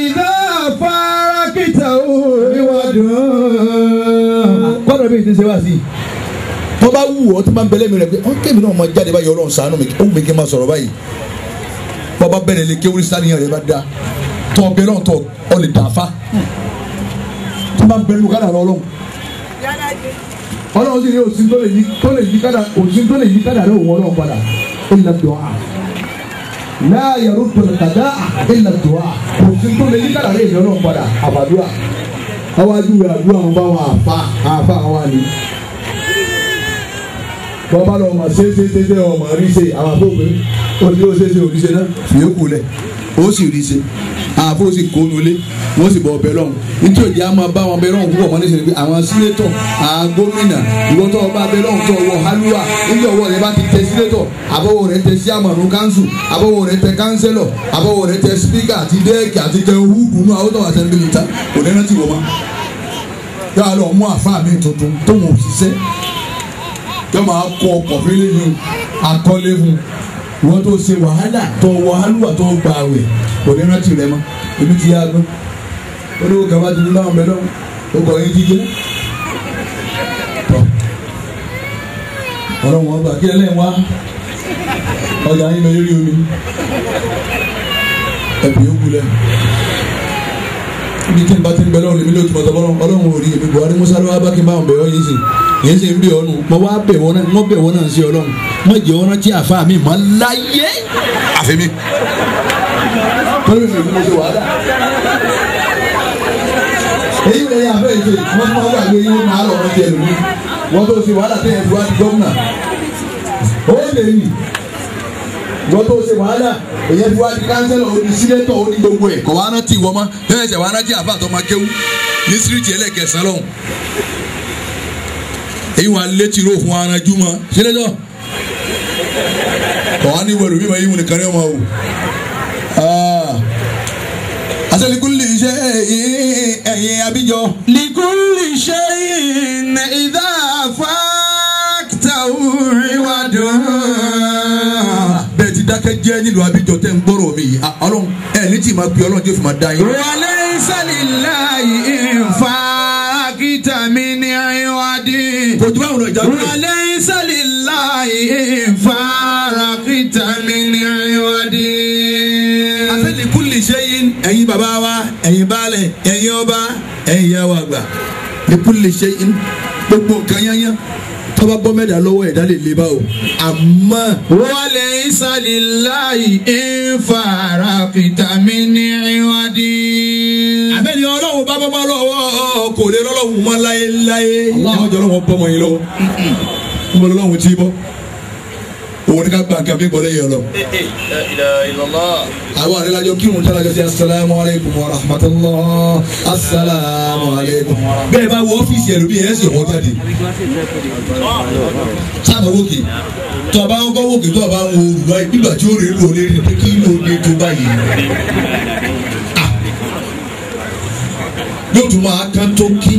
Ìdá afárá kìtà òwúwádùn. Gbọ́dọ̀ bí ìdí ṣe wá sí i tó bá wù ọ́ tó bá ń bẹ lẹ́mìí rẹ̀ pé ọ́n kébì náà mọ jáde báyìí ọlọ́run ṣàánú mi ó mi kí n máa sọ̀rọ̀ báyìí bàbá bẹ̀rẹ̀ lè kéwìrì sáníyàn rẹ̀ bá da tọ́ ọbẹ̀ náà tọ́ ọ lè dà fa tó bá ń bẹ lùkàdà rẹ ọlọ́run ọlọ́run sì ní òsín tó lè yí kádà òsín tó lè yí kádà rẹ òun ọlọ́run padà ó lè dọ̀ á láàyè rúdò kàdá ilẹ̀ dùwà kò sí tó lè yí kàdá lè lọ́nà padà àbàdùà àwọn adúlọ àdúrà wọn bá wọn àfa àfa àwọn àní bọ́bá lọ́wọ́ ma ṣe é ṣe é ṣe ọmọ rí ṣe àwọn àbókù ó ní ó sì rí ṣe àfó sì kónú lé wọ́n sì bọ̀ ọbẹ̀ lọ́hùn nítorí òjì àmọ́ bá wọn bẹ̀ lọ́hùn púpọ̀ wọn níṣẹ́ pé àwọn sínétọ̀ àwọn gómìnà ìwọ tó ọba bẹ̀ lọ́hùn tó ọwọ́ halluwa níbi ọwọ́ rẹ bá ti tẹ sínétọ̀ àbọ̀wọ̀ rẹ tẹ sí àmọ̀nù kánṣu àbọ̀wọ̀ rẹ tẹ kánsẹ́lọ̀ àbọ̀wọ̀ rẹ tẹ spíkà àti dẹ́ẹ̀kì àti tẹ húùdù náà àwọn tó wà sẹ́ni bí mi ta kò ní rántí wọ́n mọ́ yóò lọ mú àfa wọ́n tó ṣe wàhálà tó wàhálùwà tó gba àwẹ̀ òní rántí rẹ mọ́ èmi ti yá gbọ́n olówó kaba ti ní láwọn mẹ́lọ́ ó kọ́ yín jíjẹ́ tọ́ ọlọ́run ọba kí ẹlẹ́yìn wá ọjà yín lọ yẹ́rì omi ẹ̀bí ó kulẹ̀ ibi tí n bá ti ń bẹ lọ́run lèmi lójúmọ́ sọ fọlọ́run ọlọ́run ò rí èmi buhari musa ló wá bá kí n bá wọn bẹ̀ ọ́ yìí sìn yìí sìn ń bẹ̀ ọ́ nù mo wá bẹ̀ wọn náà mo bẹ̀ wọn náà sí ọlọ́run mo jẹ́ wọn rántí àfa mi mọ́ láyé. àfẹ́mi. pẹ̀lú ìlú mo ṣe wàhálà. èyí lè yà fẹ́ ìṣe wọ́n ti máa wà lórí yín máa lọ́ọ́ ti ẹ̀lú mi wọ́n tó ṣe wàhálà tẹ́ ẹ̀ ìwọ tó ṣe wàhálà èyẹ fi wá di kánsẹ́lọ̀ ó ó di gbogbo ẹ̀. kọ̀ wá rántí ìwọ mọ́ bẹ́ẹ̀ ṣe wá rántí àbá àtọ́ kéwú ní síríìtì ẹlẹ́gẹ̀sán lọ́hùn. èyí wà létí ló fún aranjú mọ́ sínétọ̀ kọ̀ wá ní ìwọ lómi máa yí wọn kárí ọmọ o. Ah. àṣẹ likuli eh, eh, eh, ẹ̀yìn abíjọ. likuli ṣe ìdá fáktà òrìwádùn dákẹ́ jẹ́ nílùú Abidjan tẹ́ ń gbọ́rọ̀ mi yìí ọlọ́run ẹ̀ ní tí ma pe ọlọ́run tí ó fi ma dá yín. wàlẹ́ ìsàlìlá ìfà kìtà mi ní àyíwádìí. kò jù báwo lọ ìjà lóye. wàlẹ́ ìsàlìlá ìfà kìtà mi ní àyíwádìí. àtẹ̀lẹ́kùn lè ṣe yín ẹ̀yin bàbá wa ẹ̀yin baálẹ̀ ẹ̀yin ọba ẹ̀yin yàwó àgbà lẹ́kùn ṣe yín gbogbo nǹkan tọ́ba bọ́ mẹ́ta lọ́wọ́ ẹ̀dá lè lè bá o àmọ́. wọlé ìsàlìláì ìfàrà kìtàmí ní ìwádìí. àbẹ́ni ọlọ́run bá bọ́ lọ́wọ́ kò lè lọ́lọ́run mọ́ láéláé. àwọn jọlọ́wọ́ bọ́ mọ́ yín lọ́wọ́. mo lọ́lọ́run bọ́ òun ni ká gba nǹkan mi gbọ́dọ̀ yẹ lọ. àwọn àrẹ́lájọ kírun tálajọ sí asalaamu aleykum wa rahmatulah asalaamu aleykum. bẹ́ẹ̀ bá wọ ọ́fíìsì ẹ̀rù bí ẹ̀ ṣe wọ́n jáde. sábà wókè tó a wókè tó wo olùwà nígbà tí ó rèé lò lè rìn kí ló dé tó báyìí. Ah. yóò tún máa kán tó kí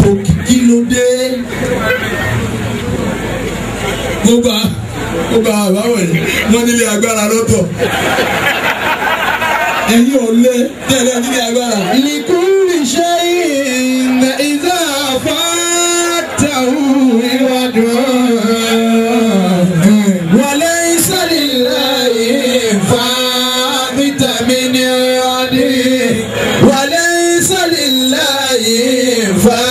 tó kí ló dé. gbogbo a ó gba àbáwẹ̀ wọ́n nílé agbára lọ́tọ̀ ẹ̀yin ọ̀lẹ tẹ̀lé nílé agbára. likuri ṣe ìnà ìdá fàtàwù ìwádùn. فاقت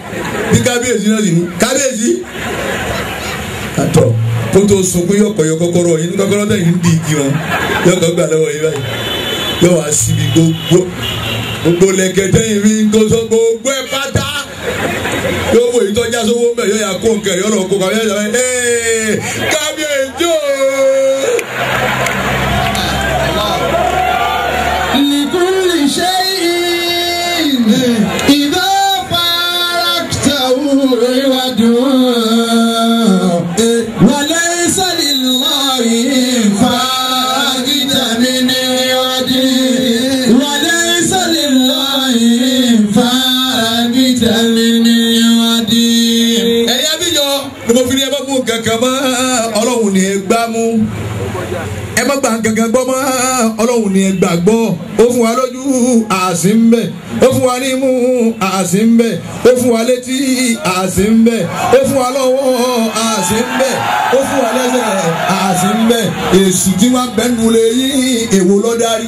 ní kábíyèsí náà sì ní kábíyèsí àtọ̀ kó tó sunkún yọkọ̀ yọ kọ́kọ́rọ́ yín kọ́kọ́rọ́ tẹ̀yìn ń di igi wọn yọkọ̀ gbà lọ́wọ́ yín báyìí yóò wá síbi gbogbo gbogbo lẹ́kẹ̀tẹ́ yìí fi ń kó sọ gbogbo ẹ̀ pátá yóò wò yìí tọ́já sówó mẹ́ yóò yà kó nǹkan yọ̀rọ̀ kó kàwé yóò yà ẹ̀ ọlọ́run ni ẹ gbá mú ẹ má gbà kankan gbọ́ mọ́ ọlọ́run ni ẹ gbà gbọ́ ó fún wa lójú àsì ń bẹ ó fún wa nímú àsì ń bẹ ó fún wa létí àsì ń bẹ ó fún wa lọ́wọ́ àsì ń bẹ ó fún wa lẹ́sẹ̀ àsì ń bẹ èsù tí wọ́n bẹ́nu lè yí èwo ló darí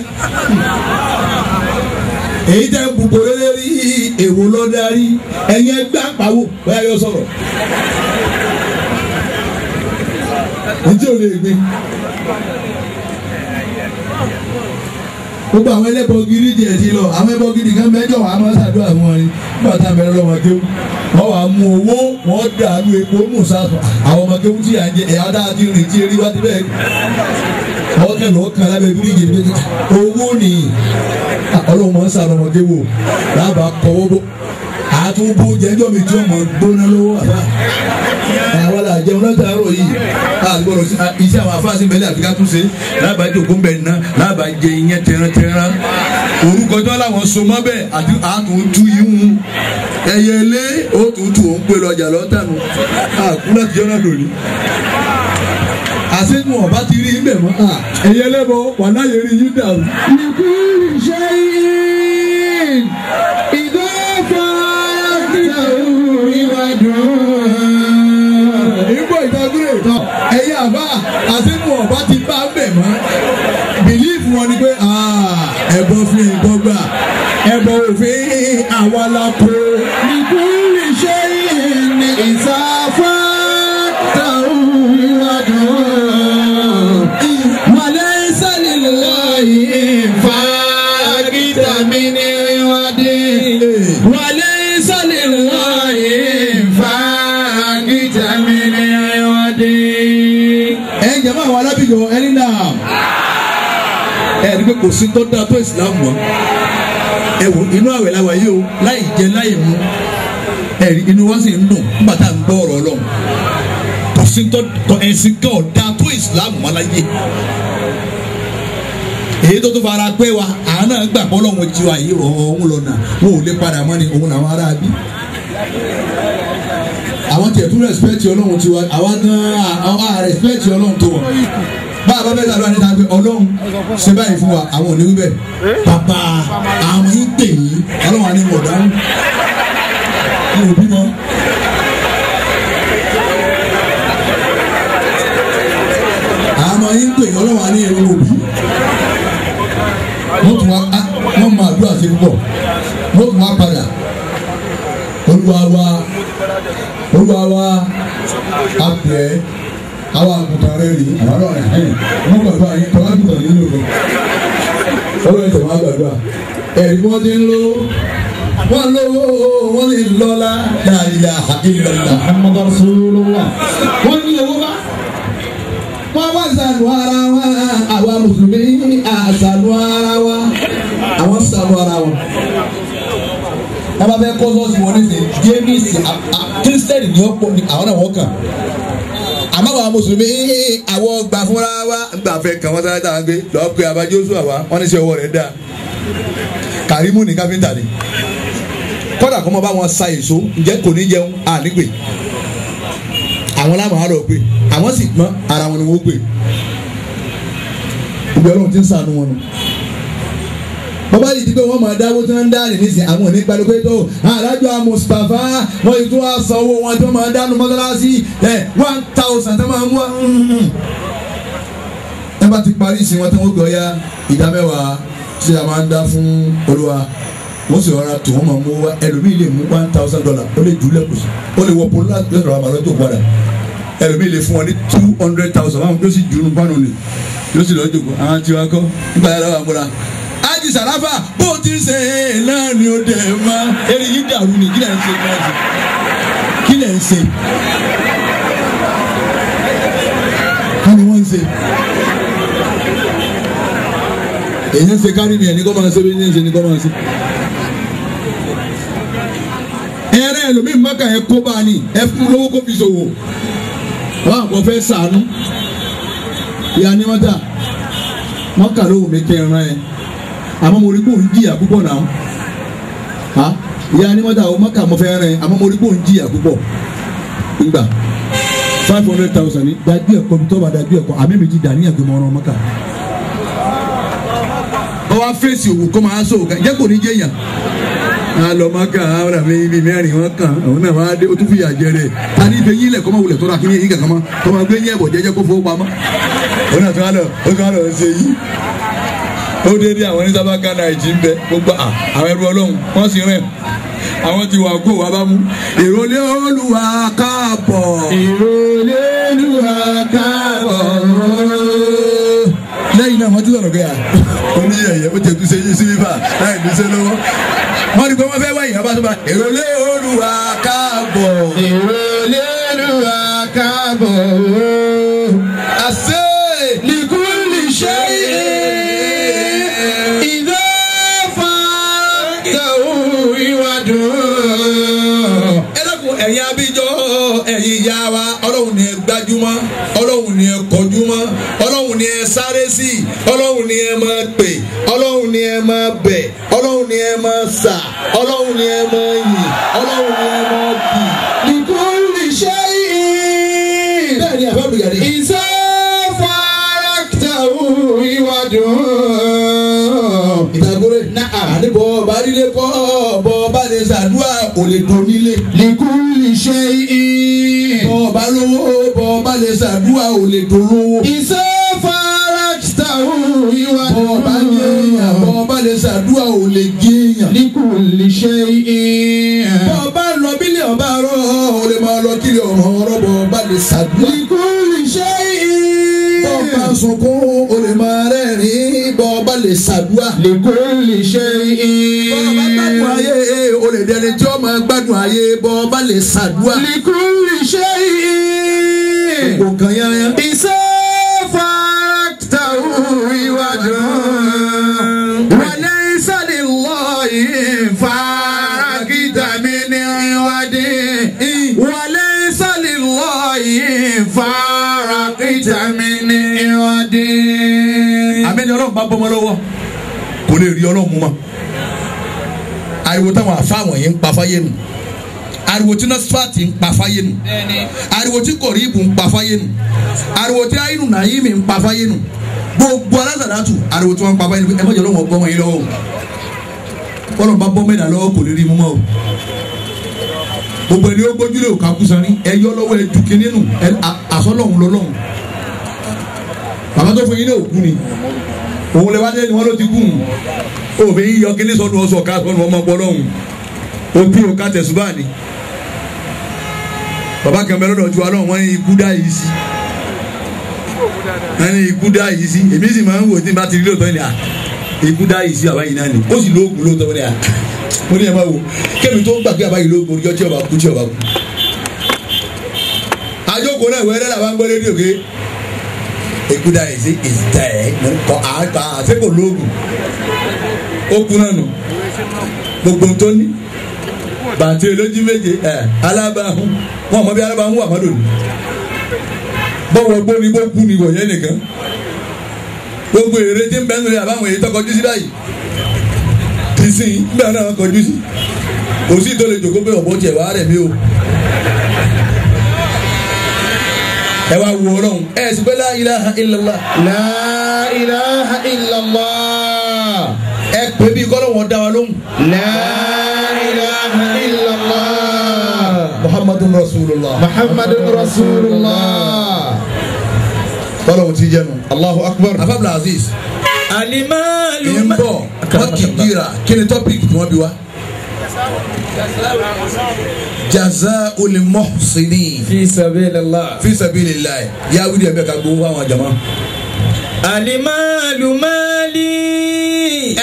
èyí tẹ́ bùbò lórí èwo ló darí ẹ̀yin ẹgbẹ́ àpawò bẹ́ẹ̀ yọ ẹjọ́ ò lè gbé gbogbo àwọn ẹlẹ́bọ gidi díẹ̀ ti lọ àwọn ẹlẹ́bọ gidi kan mẹ́jọ wàá máa ṣàdúrà fún wọn ni nígbà tá a bẹ̀rẹ̀ lọ́wọ́ kéwù wọ́n wàá mú owó wọ́n dàánú epo mú sáà àwọn ọmọ kéwù tí à jẹ ẹ̀yà dáa rìn tí erí wá ti bẹ́ẹ̀ ọkẹ lọ kàn lábẹ́ bíríìjì níbi owó ni ọlọ́run máa ń sàrọ̀ ọmọdé wò lábàá kọ́wọ́ bó àtúbò jẹjọ́ mi tí ọmọ gbóná lọ́wọ́ àbá àwọn la jẹun látàárọ̀ yìí àgbọ̀rọ̀ iṣẹ́ àwọn afáàsì mẹ́lẹ̀ àti kátúnṣe lábàá jòkó mbẹ̀ nná lábàá jẹ iyán tẹrantẹran orúkọ tó láwọn so mọ́ bẹ́ẹ̀ àti àtúntú yìí ń ẹyẹlé ó tún tù ó ń pè lọ́jà lọ́tànù àkúrẹ́ àtijọ́ náà lónìí àṣẹ́gun ọ̀bá ti rí ibẹ̀ mọ́ ah, ẹ̀yẹ lẹ́bọ̀ wà láyé rí yín dàrú. nìkú ṣe ìdọ́fà kíkàrú ìwádùn. ìgbò ìdágúrò ìtọ́ ẹ̀yẹ àbá àṣẹ́gun ọ̀bá ti bá bẹ̀ mọ́. kò sí tó dáa tó islam wa ẹwù inú àwẹ̀ la wà yìí o láì jẹ láì mu ẹ̀rí inú wa sì ń dùn nígbà tá à ń gbọ́ ọ̀rọ̀ Ọlọ́run kò sí tó ẹ̀sìn kan ọ̀dà tó islam wa láyé èyí tó tó fara pé wa àánà gbà pọ́ lọ́wọ́ ju àyè ọ̀hún lọ́nà wọn ò lè padà mọ́ ni òun làwọn ará bí àwọn tiẹ̀ tún rẹ̀spẹ̀tì Ọlọ́run tiwa àwọn gan-an àwọn àrẹ̀spẹ̀tì Ọlọ́run tó wọn bá a bá bẹ́ẹ̀ sàdúrà níta pé ọlọ́run ṣe báyìí fún wa àwọn ò ní wí bẹ́ẹ̀ bàbá àwọn yín pè yín ọlọ́run àní mọ̀ dáhùn mi ò bímọ. àwọn yín pè yín ọlọ́run àní èrò òbí wọ́n tún wá wọ́n máa dúrà sí púpọ̀ wọ́n tún wá padà olúwa wa olúwa wa àpẹ́ àwọn àgùntàn rẹ rí àbálọ rẹ ẹ wọn gbàgbọ́ àyè tọ́lá àgùntàn nílò rẹ ọlọ́run tẹ̀ wọ́n gbàgbọ́ ẹ̀rí wọ́n ti ń lo wọ́n lo wọ́n lè lọ́la dáadáa ìlọ́la. Muhammadu Rasulullah. wọ́n ní owó bá wọ́n wá sànù ara wa àwa mùsùlùmí àsànù ara wa àwọn sànù ara wa wọ́n bá fẹ́ kọ́ sọ́ọ̀sì wọ́n ní sè jémìsì kírísítẹ́nì ní ọ̀pọ̀ àwọn náà wọ́n kàn àmọ́ àwọn mùsùlùmí àwọn gbà fúnra wa gbà fẹ́ kàn wọ́n sáré tá à ń gbé lọ́ọ́ pé abá Jósùà wa wọ́n ní sẹ́ ọwọ́ rẹ̀ dáa Kàrímù ní káfíńtà ni kọ́dà kọ́ mọ́ bá wọn sa èso ǹjẹ́ kò ní jẹun ànígbè àwọn lámà á lọ gbé àwọn sì gbọ́n ara wọn ni wọ́n gbé ìgbẹ́ ọlọ́run ti ń sànú wọn nù bàbá yìí ti pé wọ́n máa dáwó tí wọ́n ń dá rìn nísìn àwọn òní tó alájọ Mustapha wọ́n yìí tó wá san owó wọn tó máa dánu mọ́tàlásí ẹ̀ one thousand tó máa mú wa. ẹ bá ti parí ìsìn wọn tí wọ́n gbọ́ ya ìdá mẹ́wàá tí a máa ń dá fún olúwa wọ́n sì rọra tó wọ́n máa mú wa ẹlòmíì lè mú one thousand dollar ó lè jùlẹ̀ kù sí ó lè wọ polo láti lọ́sọ̀rọ̀ àmàlọ́ tó padà ẹlòmíì lè fún wọn ní two hundred thousand wọn yóò sì jùlù bánu ni yóò sì lọ́ọ́ jòkó àwọn tí wọ́n á kọ́ nígbà yàrá wà múra sàràfà bó ti ṣe é náà ni ó dẹ̀ ma. eré yìí dàrú ni kí lẹ̀ ń ṣe kí lẹ̀ ń ṣe. kí ni wọ́n ń ṣe. èyí ń ṣe kárí ni ẹni kọ́ máa ṣe bí ẹni ń ṣe ni kọ́ máa ṣe ẹrẹ ẹlòmíì mọ́kà ẹ kó bá ní ẹ fún lówó kó fi ṣòwò wọn àpò fẹ́ sànú ìyá ni wọ́n dà mọ́kà lówó mi kẹ́ ẹran ẹ àmọ́ mo rí kó ń jìyà púpọ̀ náà ha ìyá anímọ́tà o mọ́kà mo fẹ́ rẹ̀ àmọ́ mo rí kó ń jìyà púpọ̀ ngbà five hundred thousand ni dàbí ẹ̀kọ́ bí tọ́ba dàbí ẹ̀kọ́ àmì mi ti dà níyàn pé mo rán mọ́kà. ọwọ́ fèsì òwò kọ́ máa sọ òkà jẹ́ kò ní jẹ́yàn alọmọkà ara mi ibi mẹ́rin wọn kàn òun náà wàá dé o tún fi yà jẹ rẹ tani ife yín lẹ kọ́mọ wulẹ̀ tọ́ra kí ni èyí kankan mọ́ tọ́mọ gbé yín ẹ̀bọ̀ jẹ́jẹ́ kó fowó pamọ́ òun náà tún á lọ òun tún á lọ ṣe yín ó dé dé àwọn oníṣàbá gánà ìjì ń bẹ gbogbo àwọn ẹrú ọlọ́run wọ́n sì rìn àwọn ti wà kó wa bá mú. ìrọ̀lẹ́ olúwa káàbọ̀. ìrọ̀lẹ́ olúwa káàbọ̀. lẹ́yìn náà wọ́n ti sọ̀rọ̀ gbéra oníyẹ̀yẹ̀ ó tẹ̀tù sí sílífà láì níṣẹ́ lọ́wọ́. wọ́n ní pé wọ́n fẹ́ wá ìyàbá tó bá. ìrọ̀lẹ́ olúwa káàbọ̀. ìrọ̀lẹ́ olúwa káàbọ̀. àṣẹ nìkú nìṣẹ́ yìí. ẹ̀yin abijọ́ ẹ̀yin ìyá wa ọlọ́run ni ẹ gbajúmọ̀ ọlọ́run ni ẹ kọjúmọ̀ ọlọ́run ni ẹ sáré sí ọlọ́run ni ẹ máa pè ọlọ́run ni ẹ máa bẹ̀ ọlọ́run ni ẹ máa sà ọlọ́run ni ẹ máa yìn ọlọ́run ni ẹ máa kì nìkan lè ṣe yìí. bẹ́ẹ̀ ni àbá olùyàrá. ìṣe fàràkìtà ìwádùn ìtàgórè náà àníbọ̀ ọba líle kọ́ ọ̀bọ̀ ọba lè ṣàdúrà òlè donílé ṣe yìí. bọ̀ ọba lówó bọ̀ lè ṣàdúrà ò lè dúró. ìṣe fara ṣàwọn ìwà. bọ̀ lè yàn bọ̀ lè ṣàdúrà ò lè gé yàn. ní kò lè ṣe yìí. bọ̀ lọ bílẹ̀ ọba rọ̀ ọ̀ lè máa lọ kiri ọ̀rọ̀ ọ̀rọ̀ bọ̀ lè ṣàdúrà. ní kò lè ṣe yìí. bọ̀ sunkún ò lè máa rẹ́rìn-ín. Le ṣàdúrà. lè kó lè ṣe iye. bọ́ ọ bá gbádùn o lè dẹni tí ó máa gbádùn ayé bọ́ le bá lè ṣàdúrà. kó lè ṣe iye. gbogbo kan yẹn. iṣẹ́. bá bọ́mọ lọ́wọ́ kò lè rí ọlọ́run mọ́ ariwo táwọn afáwọn yẹn ń pa fáyé nù ariwo tí nasfati ń pa fáyé nù ariwo tí kọ̀ríìbù ń pa fáyé nù ariwo tí ayinu nàyímì ń pa fáyé nù gbogbo alásàdátù ariwo tí wọ́n ń pa fáyé nù ẹ má jẹ́ lọ́wọ́ bọ́mọ yín lọ́wọ́ ọlọ́run bá bọ́mọ ìdá lọ́wọ́ kò lè rí mú mọ́ o gbogbo ẹni ó gbójúlé òkà kúsani ẹyọ lọ́wọ́ ẹ dùkí nínú asọlọhún lọlọhún bàbá tó fún yín ní òkú ni òun lè wá dé ni wọn ló ti gùn òbí yíyọ kíní sọnù ọsọ ká sọnù ọmọ gbọlọhùn òbí ò ká tẹsùbà ni bàbá kẹmẹ lọ́dọ̀ ju alọ wọn ní ikú dá yìí sí wọn ní ikú dá yìí sí èmi sì máa ń wò tí n bá ti rí lóòótọ́ ni à ikú dá yìí sí bàbá yìí náà ni ó sì lóògùn lóòótọ́ ni à mo ní ẹ máa wò kébì tó gbà pé bàbá yìí lóògùn oníjọ́ tí ọba kú tí ọba kú àjókòó náà ìwé ẹ̀rẹ́ làwọn gbọ́ lé ekuda yìí sí ìsìtà ẹ̀ kọ́ àgbà àsìkò lóògùn ogun náà nù gbogbo tó ní bàtí olójú méje ẹ alábàáhùn wọn àmọ́ bí alábàáhùn wà mọ́dọ̀ ni bọ́wọ́ gbó ni bó kú ni wọ̀nyẹ́ nìkan gbogbo èrè tí ń bẹ́ẹ̀ nílẹ̀ àbáwọn èyí tọkọjú sí báyìí kìsìn bẹ́ẹ̀ náà kọjú sí kò sí ìtòlè jòkó pé ọ̀bọ̀ tiẹ̀ wá rẹ̀ mí o. ẹ wá wo ọlọ́run ẹ sì pé la ilaha illallah. la ẹ pè bí kọ́lọ́wọ́ dá wa lóhùn. la ilaha illallah. muhammadun rasulullah. muhammadun rasulullah. kọ́lọ́wọ́ ti jẹnu allahu akbar. afabla aziz. alimaalu. n bọ wọn kì í jira kí ni tọ́pìkì tí wọ́n bí wa jazaa'ul muhsinin. fi sabilillah. fi sabilillah yà wíìlì ẹ̀bẹ̀ ká gbowó àwọn jama. alimalu mali.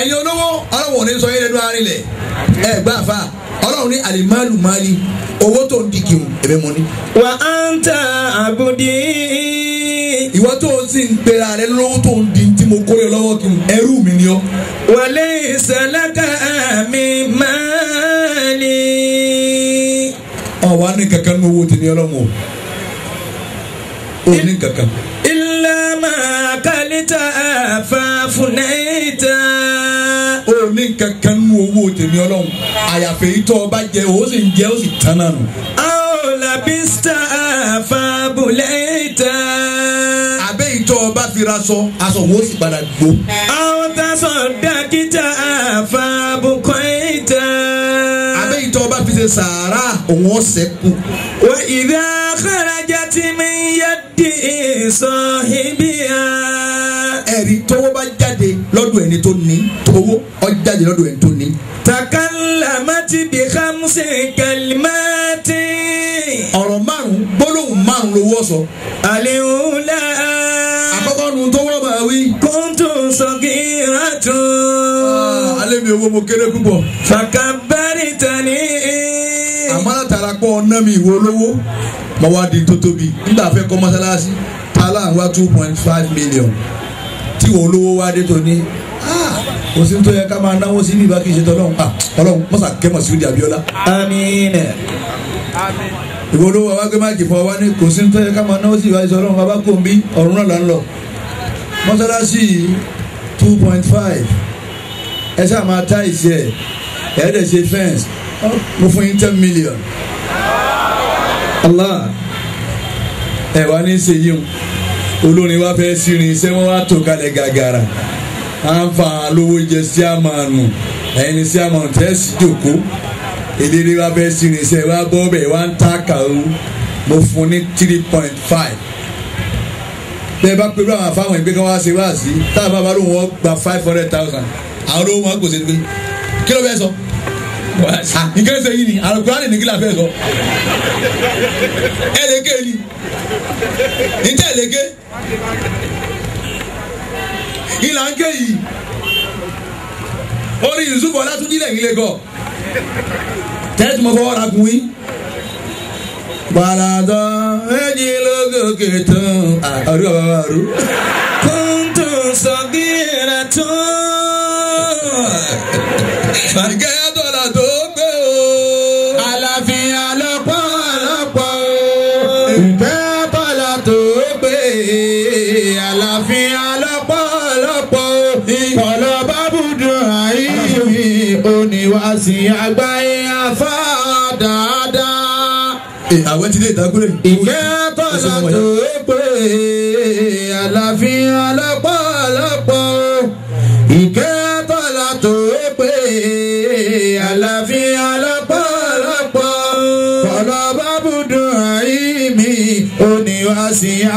ẹ̀yin olówó ọlọ́wọ́ ní sọ yẹn lẹ́nu àárín lẹ̀ ẹ̀ gbá fa ọlọ́run ní alimalu mali owó tó ń di kìí ẹ̀mẹ́ mọ́ ni. wà á ta àbùdí. ìwọ tó ń sìn pera rẹ lówó tó ń di tí mo kórè lọ́wọ́ kìí ẹrú mi ni ọ. wàlẹ́ ìsàlákà mi máa. ní kankan ní owó tèmi ọlọ́run o ò ní kankan. ilé máa kálítà fàfúnẹ́ta. o ò ní kankan ní owó tèmi ọlọ́run àyàfẹ́ yìí tọ́ ọ bá jẹ o sì ń jẹ o sì tán náà nù. a ò làbísítà fàbùlẹ́ta. àbẹ́ yìí tọ́ ọ bá fi wo sì padà gbó. àwọn tá a sọ dákítà ṣe sàárà òun ọ̀sẹ̀ kù. wà ìdá àkàràjà tí mi yá di ìsọ ibi ya. ẹ̀rí tówó bá jáde lọ́dọ̀ ẹni tó ní owó ó jáde lọ́dọ̀ ẹni tó ní. takalamati bi khamsi kalimati. ọ̀rọ̀ márùn-ún gbólóhùn márùn-ún lówó sọ. àlehùlá. àkọ́kọ́ nu tó bá wí. kóńtò sọ̀kì ìrántó. alẹ́ mi owó mo kéré púpọ̀. fàkàbẹ́rì tani àmọ́ látara pọ̀ ọ̀nà mi ìwé olówó mo wá di tó tóbi nígbà fẹ́ kọ́ mọ́sálásí tálà ń wá two point five million tí ìwé olówó wá dé tó ní ah, kò sí tó yẹ ká máa náwó sí bíbá kì í ṣe tọ́lọ́hún à ah, ọlọ́hún mọ́sà kẹ́mọ̀ sí ìdí Abíọ́lá. àmín. ìwé olówó wa gbé máàkì fún wa ní kò sí tó yẹ ká máa náwó sí ìwà ìṣọlọ́hún bàbá kò ń bí ọ̀run náà là ń lọ two point five ẹ sáà máa tá ìṣe ẹ̀ ẹ̀ ẹ̀ dẹ̀ mo fún yín ten million Allah ẹ wá ní ṣe yíyún olórin wa fẹ́ sírin iṣẹ́ wọn wá tó kalẹ̀ gàgàrà à ń fa lówó jẹ sí àmàlù ẹni sí àmàlù tẹ́ sí jòkó eléré wa fẹ́ sírin iṣẹ́ wa bọ́ bẹ̀ wá ń ta kàwé mo fún ní three point five bẹ́ẹ̀ bá pẹ̀lú àwọn afáwọn ìgbé kan wá ṣe wá sí táwọn bàbá lóun wọ́n gba five hundred thousand àwọn olówó wọn kò ṣe gbé kí ló fẹ́ sọ. So? nǹkan ṣe yìí ni alukurani ní kílà fẹ́ sọ ẹlẹ́gẹ́ ni níta ẹlẹ́gẹ́ ìlà ń gé yìí orí Yusuf Ọlátúnjí lẹ́yìn lẹ́gọ̀ tẹ́tù mọ́ fọwọ́ ra kùn yín gbàlàdọ́ ẹni lógókè tán àrú àbábá àrú. kóńtò sọ̀gí rẹ̀ tán ọ̀nà tó gbé o. àlàfíà lọ́pọ̀ lọ́pọ̀ o. ìfẹ́ bọ́lá tó gbé àlàfíà lọ́pọ̀ lọ́pọ̀ o. ìkọ̀lọ́ bá bùdó àìyí oníwàsí àgbáyé afá dáadáa. Eh, àwọn ti lè dágbére. ìfẹ́ bọ́lá tó gbé àlàfíà lọ́pọ̀.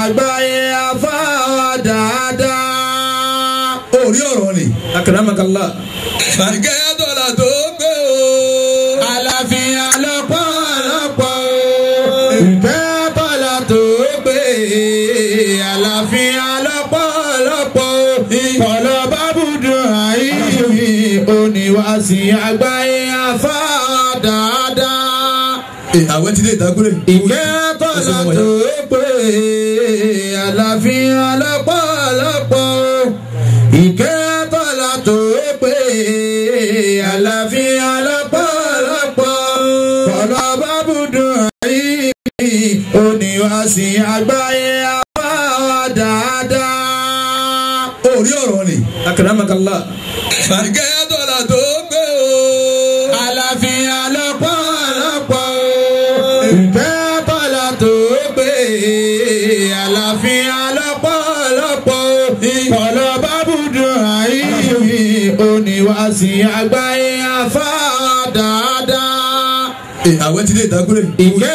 àgbáyé afá dáadáa. orí ọ̀rọ̀ ni. akaramakala. sàgẹ́ dọ́là tó gbé o. àlàfin alọ́pọ̀ alọ́pọ̀ o. ìfẹ́ bọ́là tó gbé àlàfin alọ́pọ̀ alọ́pọ̀ o. ìkọlọ bábùdù àìyí oníwàsí àgbáyé afá dáadáa. àwọn ti lè dágbére. ìfẹ́ bọ́là tó gbé. everyone They're